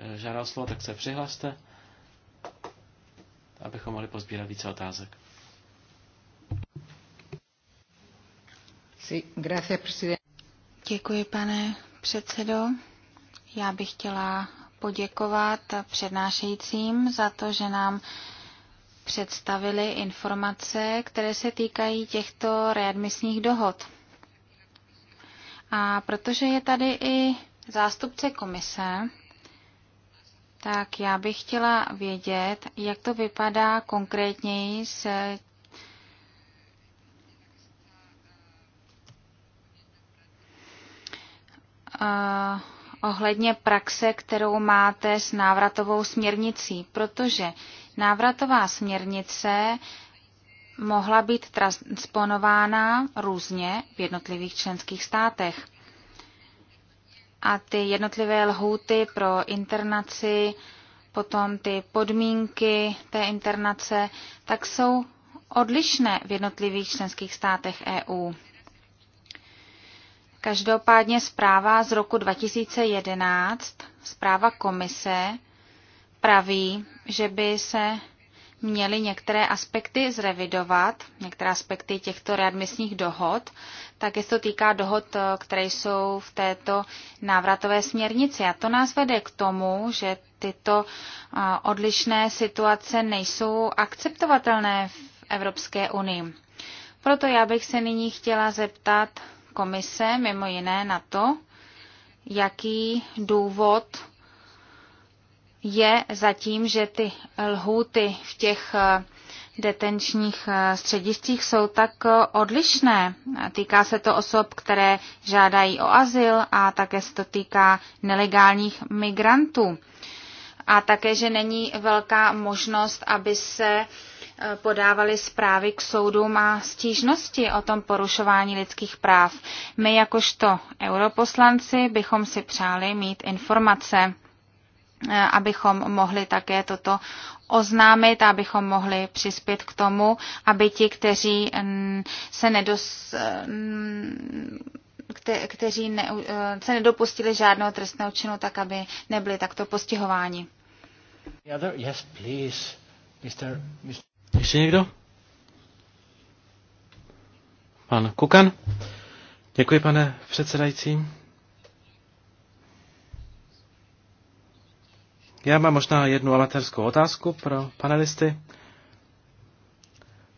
A: e, žádal slovo, tak se přihlaste, abychom mohli pozbírat více otázek.
C: Děkuji, pane předsedo. Já bych chtěla poděkovat přednášejícím za to, že nám představili informace, které se týkají těchto readmisních dohod. A protože je tady i zástupce komise, tak já bych chtěla vědět, jak to vypadá konkrétněji s eh, ohledně praxe, kterou máte s návratovou směrnicí, protože návratová směrnice mohla být transponována různě v jednotlivých členských státech. A ty jednotlivé lhůty pro internaci, potom ty podmínky té internace, tak jsou odlišné v jednotlivých členských státech EU. Každopádně zpráva z roku 2011, zpráva komise, praví, že by se měly některé aspekty zrevidovat, některé aspekty těchto readmisních dohod, tak se to týká dohod, eh, které jsou v této návratové směrnici. A to nás vede k tomu, že tyto eh, odlišné situace nejsou akceptovatelné v Evropské unii. Proto já bych se nyní chtěla zeptat komise, mimo jiné na to, jaký důvod je zatím, že ty lhůty v těch eh, detenčních eh, střediscích jsou tak eh, odlišné. Týká se to osob, které žádají o azyl a také se to týká nelegálních migrantů. A také, že není velká možnost, aby se podávali zprávy k soudům a stížnosti o tom porušování lidských práv. My jakožto europoslanci bychom si přáli mít informace Eh, abychom mohli také toto oznámit, abychom mohli přispět k tomu, aby ti, kteří mm, se nedos, mm, kteří ne, eh, se nedopustili žádného trestného činu, tak aby nebyli takto postihováni.
A: Yes, please. Mr. Mr. Ještě někdo? Pan Kukan? Děkuji, pane předsedající. Já mám možná jednu amatérskou otázku pro panelisty.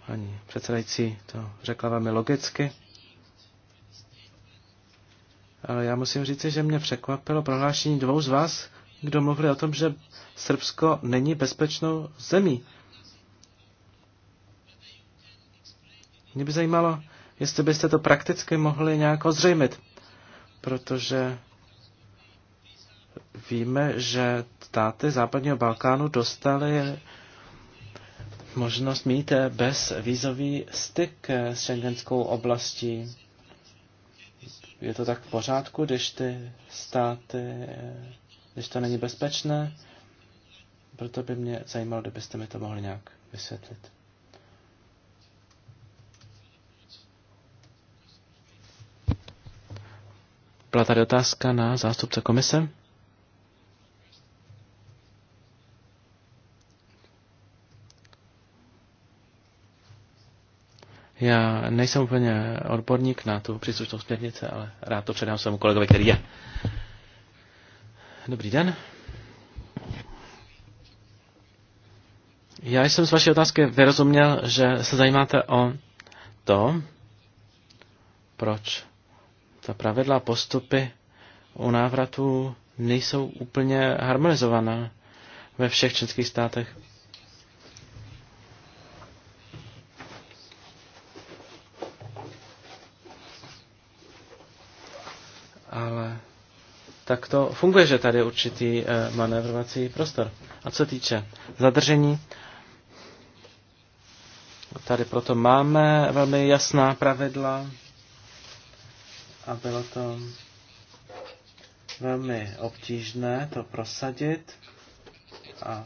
A: Paní předsedající to řekla velmi logicky. Ale já musím říct, že mě překvapilo prohlášení dvou z vás, kdo mluvili o tom, že Srbsko není bezpečnou zemí. Mě by zajímalo, jestli byste to prakticky mohli nějak ozřejmit, protože víme, že státy západního Balkánu dostaly možnost mít bez styk s šengenskou oblastí. Je to tak v pořádku, když ty státy, když to není bezpečné? Proto by mě zajímalo, kdybyste mi to mohli nějak vysvětlit. Byla tady otázka na zástupce komise. Já nejsem úplně odborník na tu příslušnou směrnice, ale rád to předám svému kolegovi, který je. Dobrý den. Já jsem z vaší otázky vyrozuměl, že se zajímáte o to, proč ta pravidla postupy u návratu nejsou úplně harmonizovaná ve všech českých státech. tak to funguje, že tady je určitý eh, manévrovací prostor. A co týče zadržení, tady proto máme velmi jasná pravidla a bylo to velmi obtížné to prosadit a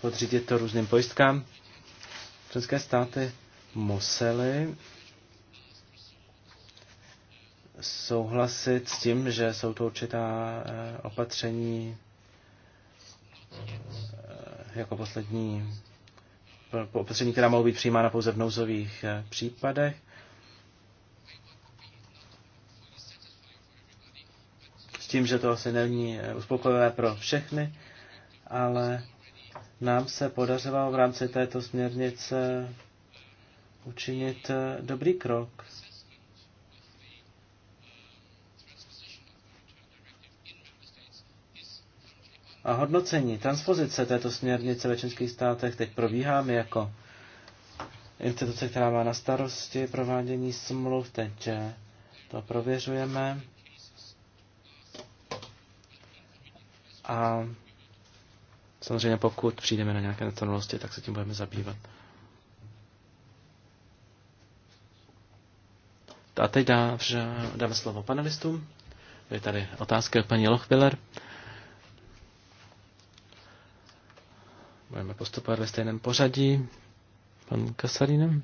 A: podřídit to různým pojistkám. České státy musely souhlasit s tím, že jsou to určitá eh, opatření eh, jako poslední eh, opatření, která mohou být přijímána pouze v nouzových případech. S tím, že to asi není uspokojivé pro všechny, ale nám se podařilo v rámci této směrnice učinit dobrý krok A hodnocení transpozice této směrnice ve členských státech teď probíháme jako instituce, která má na starosti provádění smluv. Teď eh, to prověřujeme. A samozřejmě pokud přijdeme na nějaké netonalosti, tak se tím budeme zabývat. A teď dá, dáme slovo panelistům. Je tady otázka od paní Lochbiller. Budeme postupovat ve stejném pořadí. Pan Kasalinem?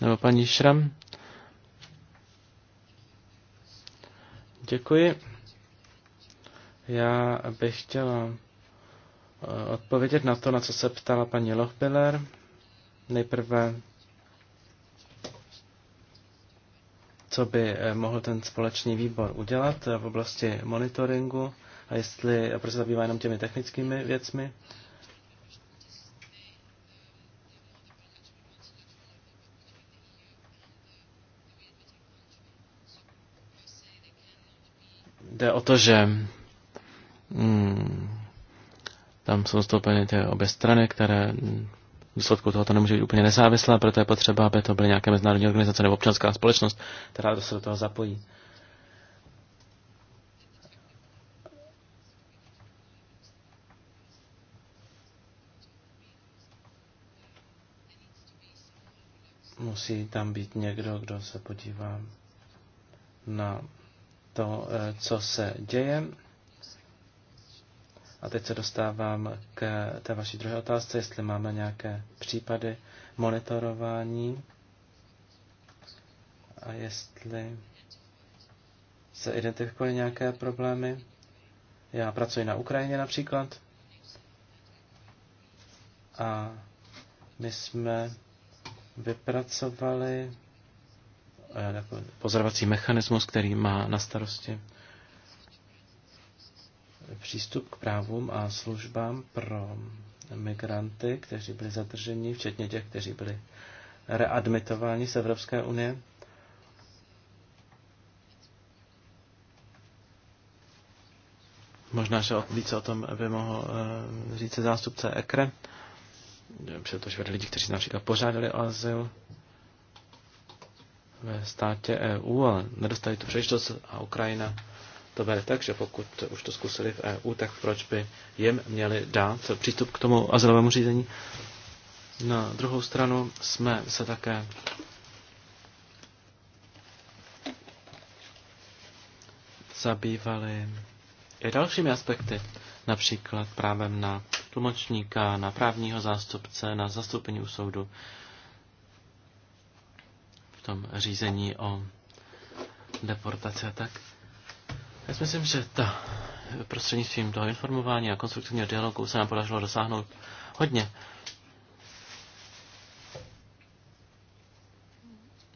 A: Nebo paní Šram? Děkuji. Já bych chtěla eh, odpovědět na to, na co se ptala paní Lochbiller. Nejprve, co by eh, mohl ten společný výbor udělat eh, v oblasti monitoringu a jestli a proč se zabývá jenom těmi technickými věcmi. Jde o to, že hmm, tam jsou stoupeny ty obě strany, které v důsledku toho to nemůže být úplně nezávislá proto je potřeba, aby to byly nějaké mezinárodní organizace nebo občanská společnost, která se do toho zapojí. Musí tam být někdo, kdo se podívá na to, eh, co se děje. A teď se dostávám k té vaší druhé otázce, jestli máme nějaké případy monitorování a jestli se identifikují nějaké problémy. Já pracuji na Ukrajině například a my jsme vypracovali eh, jako pozorovací mechanismus, který má na starosti přístup k právům a službám pro migranty, kteří byli zadrženi, včetně těch, kteří byli readmitováni z Evropské unie. Možná, že více o tom by mohl eh, říct zástupce EKRE před to živali lidi, kteří například požádali o azyl ve státě EU, ale nedostali tu příležitost a Ukrajina to bere tak, že pokud už to zkusili v EU, tak proč by jim měli dát přístup k tomu azylovému řízení. Na druhou stranu jsme se také zabývali i dalšími aspekty, například právem na tlumočníka, na právního zástupce, na zastoupení u soudu v tom řízení o deportaci a tak. Já si myslím, že to prostřednictvím toho informování a konstruktivního dialogu se nám podařilo dosáhnout hodně.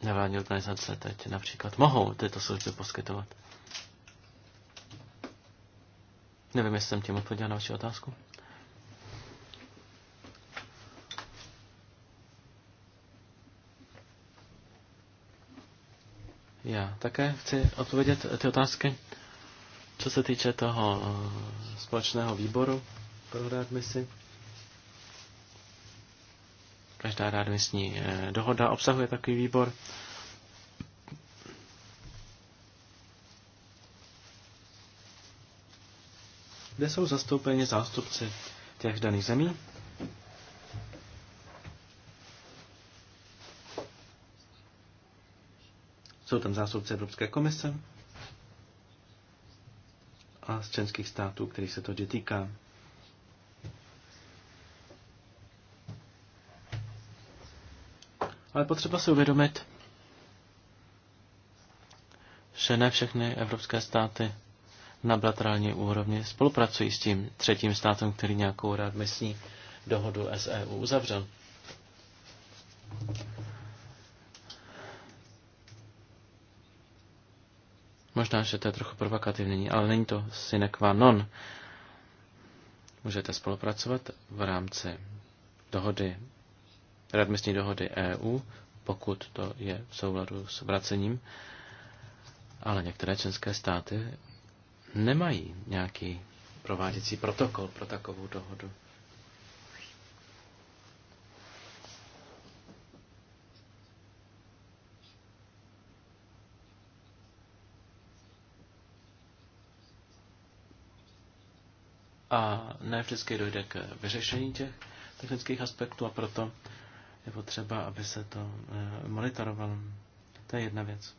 A: Nevládní organizace teď například mohou tyto služby poskytovat. Nevím, jestli jsem tím odpověděl na vaši otázku. Já také chci odpovědět ty otázky. Co se týče toho eh, společného výboru pro readmisi, každá readmisní eh, dohoda obsahuje takový výbor. Kde jsou zastoupeni zástupci těch daných zemí? tam zástupce Evropské komise a z členských států, kterých se to týká. Ale potřeba se uvědomit, že ne všechny evropské státy na bilaterální úrovni spolupracují s tím třetím státem, který nějakou readmisní dohodu s EU uzavřel. Možná, že to je trochu provokativní, ale není to sine qua non. Můžete spolupracovat v rámci dohody, readmisní dohody EU, pokud to je v souladu s vracením, ale některé členské státy nemají nějaký prováděcí protokol pro takovou dohodu. a ne vždycky dojde k vyřešení těch technických aspektů a proto je potřeba, aby se to eh, monitorovalo. To je jedna věc.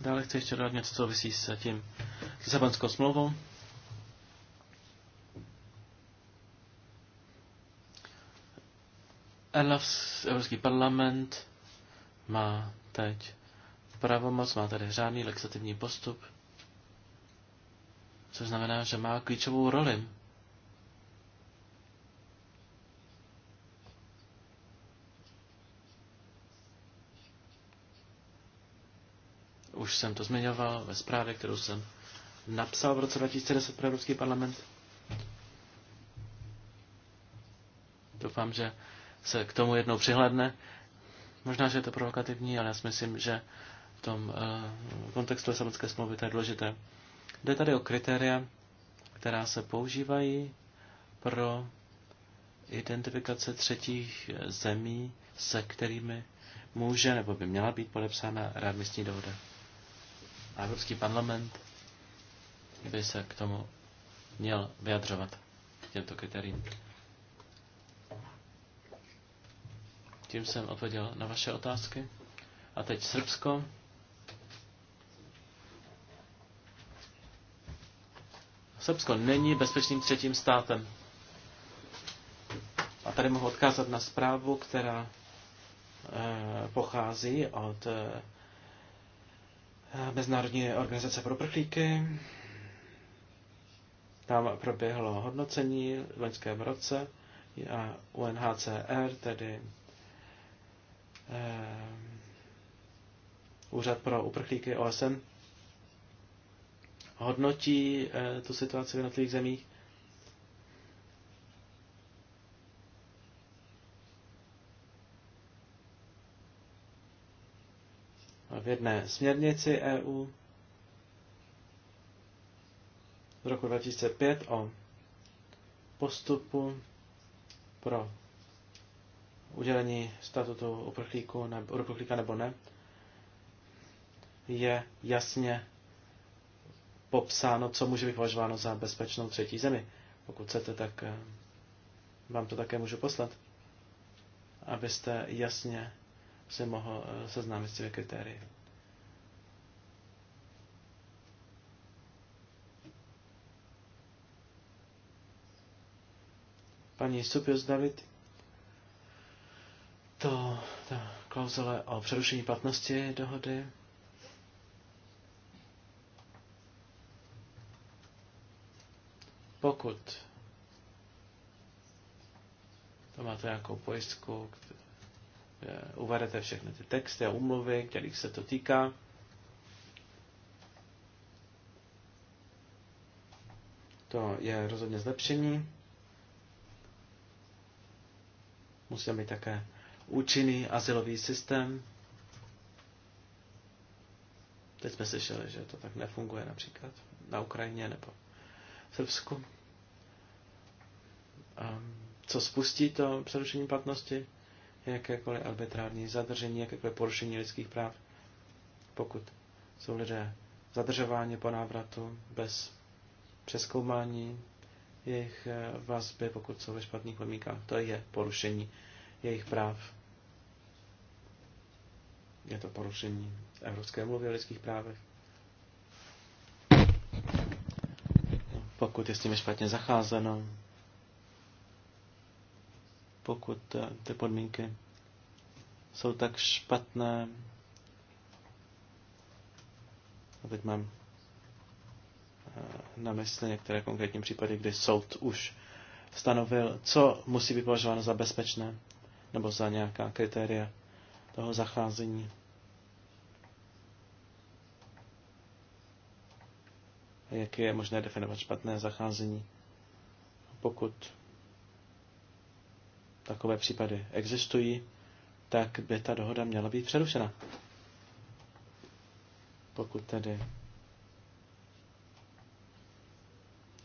A: Dále chci ještě dodat něco, co vysí s tím Lisabonskou smlouvou. Evropský parlament má teď pravomoc, má tady řádný legislativní postup, což znamená, že má klíčovou roli. Už jsem to zmiňoval ve zprávě, kterou jsem napsal v roce 2010 pro Evropský parlament. Doufám, že se k tomu jednou přihledne. Možná, že je to provokativní, ale já si myslím, že v tom uh, kontextu Lisabonské smlouvy, to je důležité. Jde tady o kritéria, která se používají pro identifikace třetích eh, zemí, se kterými může nebo by měla být podepsána readmisní dohoda. A Evropský parlament by se k tomu měl vyjadřovat těmto kritériím. Tím jsem odpověděl na vaše otázky. A teď Srbsko. Srbsko není bezpečným třetím státem. A tady mohu odkázat na zprávu, která eh, pochází od eh, Mezinárodní organizace pro prchlíky. Tam proběhlo hodnocení v loňském roce a UNHCR, tedy eh, Úřad pro uprchlíky OSN, hodnotí eh, tu situaci v jednotlivých zemích. v jedné směrnici EU z roku 2005 o postupu pro udělení statutu uprchlíku nebo, uprchlíka nebo ne, je jasně popsáno, co může být považováno za bezpečnou třetí zemi. Pokud chcete, tak eh, vám to také můžu poslat, abyste jasně se mohl eh, seznámit s těmi kritérii. Paní Supius David, to to klauzule o přerušení platnosti dohody, Pokud to máte nějakou pojistku, kde uvedete všechny ty texty a umluvy, kterých se to týká, To je rozhodně zlepšení. Musíme mít také účinný asilový systém. Teď jsme slyšeli, že to tak nefunguje například na Ukrajině nebo v Srbsku co spustí to přerušení platnosti, jakékoliv arbitrární zadržení, jakékoliv porušení lidských práv, pokud jsou lidé zadržováni po návratu bez přeskoumání jejich eh, vazby, pokud jsou ve špatných podmínkách. To je porušení jejich práv. Je to porušení Evropské mluvy o lidských právech. Pokud je s tím špatně zacházeno, pokud ty podmínky jsou tak špatné. A teď mám eh, na mysli některé konkrétní případy, kdy soud už stanovil, co musí být považováno za bezpečné nebo za nějaká kritéria toho zacházení. Jak je možné definovat špatné zacházení, pokud takové případy existují, tak by ta dohoda měla být přerušena. Pokud tedy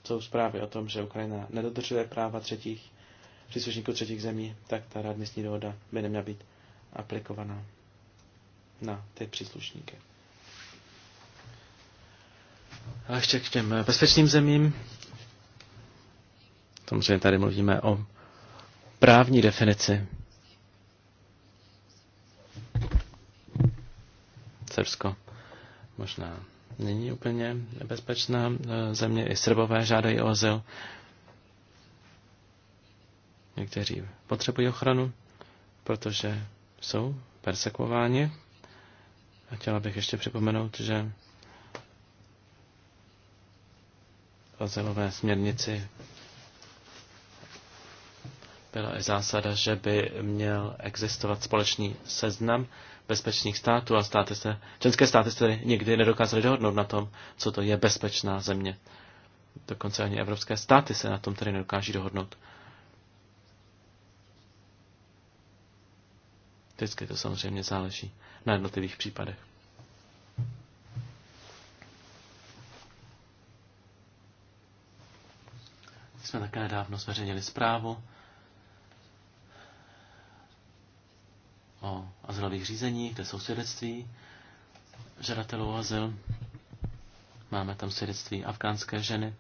A: jsou zprávy o tom, že Ukrajina nedodržuje práva třetích příslušníků třetích zemí, tak ta readmisní dohoda by neměla být aplikovaná na ty příslušníky. A ještě k těm bezpečným zemím. Samozřejmě tady mluvíme o právní definici. Srbsko možná není úplně nebezpečná e, země. I Srbové žádají o azyl. Někteří potřebují ochranu, protože jsou persekováni. A chtěla bych ještě připomenout, že v azylové směrnici byla i zásada, že by měl existovat společný seznam bezpečných států a státy se, členské státy se nikdy nedokázaly dohodnout na tom, co to je bezpečná země. Dokonce ani evropské státy se na tom tedy nedokáží dohodnout. Vždycky to samozřejmě záleží na jednotlivých případech. Jsme také nedávno zveřejnili zprávu o azylových řízeních, kde jsou svědectví žadatelů o azyl. Máme tam svědectví afgánské ženy,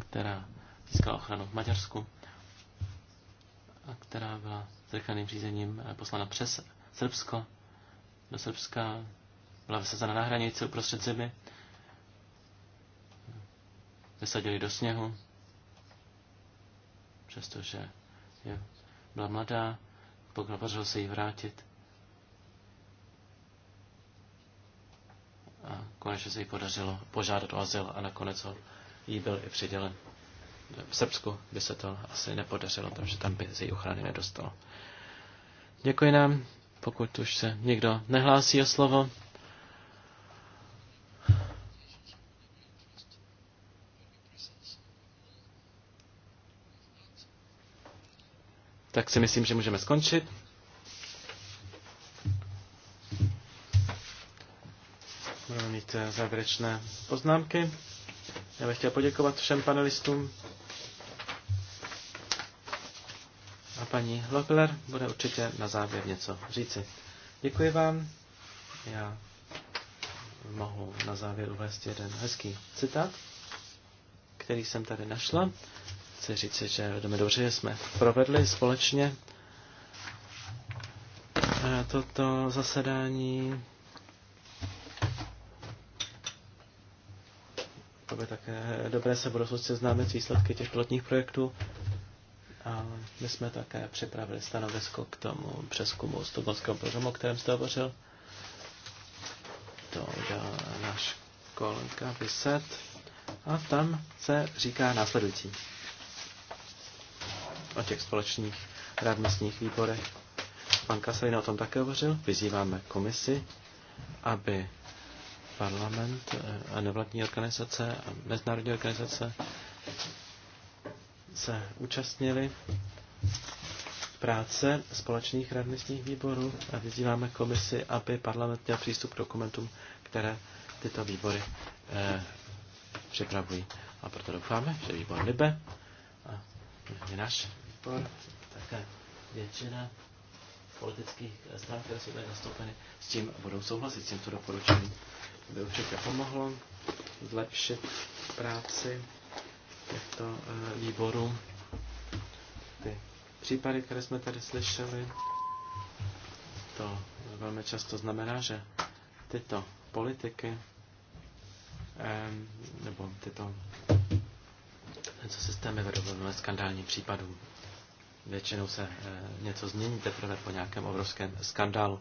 A: která získala ochranu v Maďarsku a která byla zrychleným řízením eh, poslána přes Srbsko do Srbska, byla vysazena na hranici uprostřed zimy, vysadili do sněhu, přestože je, byla mladá, pokud podařilo se jí vrátit. A konečně se jí podařilo požádat o azyl a nakonec ho jí byl i přidělen. V Srbsku by se to asi nepodařilo, protože tam by se jí ochrany nedostalo. Děkuji nám, pokud už se někdo nehlásí o slovo. tak si myslím, že můžeme skončit. Budeme mít eh, závěrečné poznámky. Já bych chtěl poděkovat všem panelistům. A paní Lopler bude určitě na závěr něco říci. Děkuji vám. Já mohu na závěr uvést jeden hezký citát, který jsem tady našla chci říct, že velmi dobře jsme provedli společně eh, toto zasedání. To by také dobré se budou seznámit s výsledky těch pilotních projektů. A my jsme také připravili stanovisko k tomu přeskumu studentského programu, o kterém jste hovořil. To udělal náš kolega Vyset. A tam se říká následující o těch společných radnostních výborech. Pan Kasalina o tom také hovořil. Vyzýváme komisi, aby parlament eh, a nevládní organizace a mezinárodní organizace se účastnili práce společných radnostních výborů a vyzýváme komisi, aby parlament měl přístup k dokumentům, které tyto výbory eh, připravují. A proto doufáme, že výbor Libe a náš také většina politických stran, které jsou tady zastoupeny, s tím budou souhlasit, s tímto doporučením. by určitě pomohlo zlepšit práci těchto eh, výborů. Ty případy, které jsme tady slyšeli, to velmi často znamená, že tyto politiky nebo tyto co systémy vedou velmi skandálním případům. Většinou se eh, něco změní teprve po nějakém obrovském skandálu.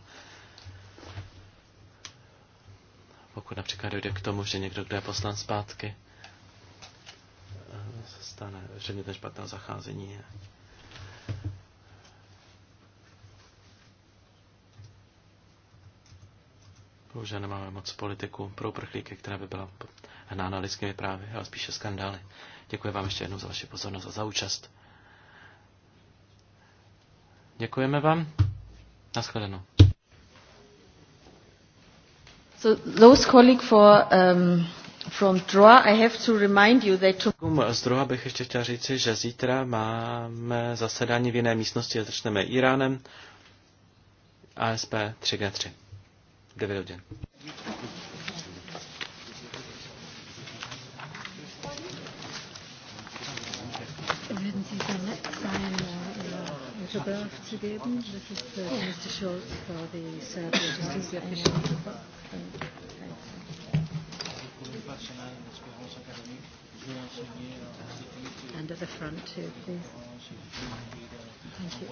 A: Pokud například dojde k tomu, že někdo, kdo je poslán zpátky, eh, se stane předmětem špatného zacházení. Bohužel nemáme moc politiku pro uprchlíky, která by byla hnána lidskými právy, ale spíše skandály. Děkuji vám ještě jednou za vaši pozornost a za účast. Děkujeme vám. Naschledanou.
C: So those
B: colleagues for, um, from DROA, I have to remind you that to...
A: Z DROA bych ještě chtěl říci, že zítra máme zasedání v jiné místnosti a začneme Iránem. ASP 3G3. 9 hodin. the And
B: at the front too, please.
A: Thank you.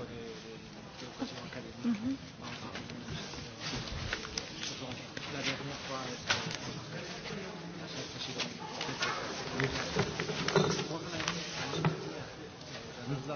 A: Mm-hmm.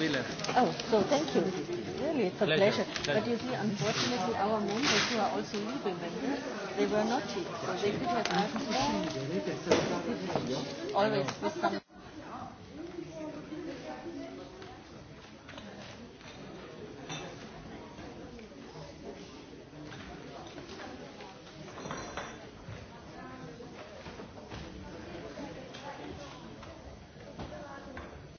A: Wheeler.
B: Oh, so thank you. Really, it's a pleasure. pleasure. But you see, unfortunately, our members who are also Libe members, they were not here, so they could have asked
A: more. Always with some.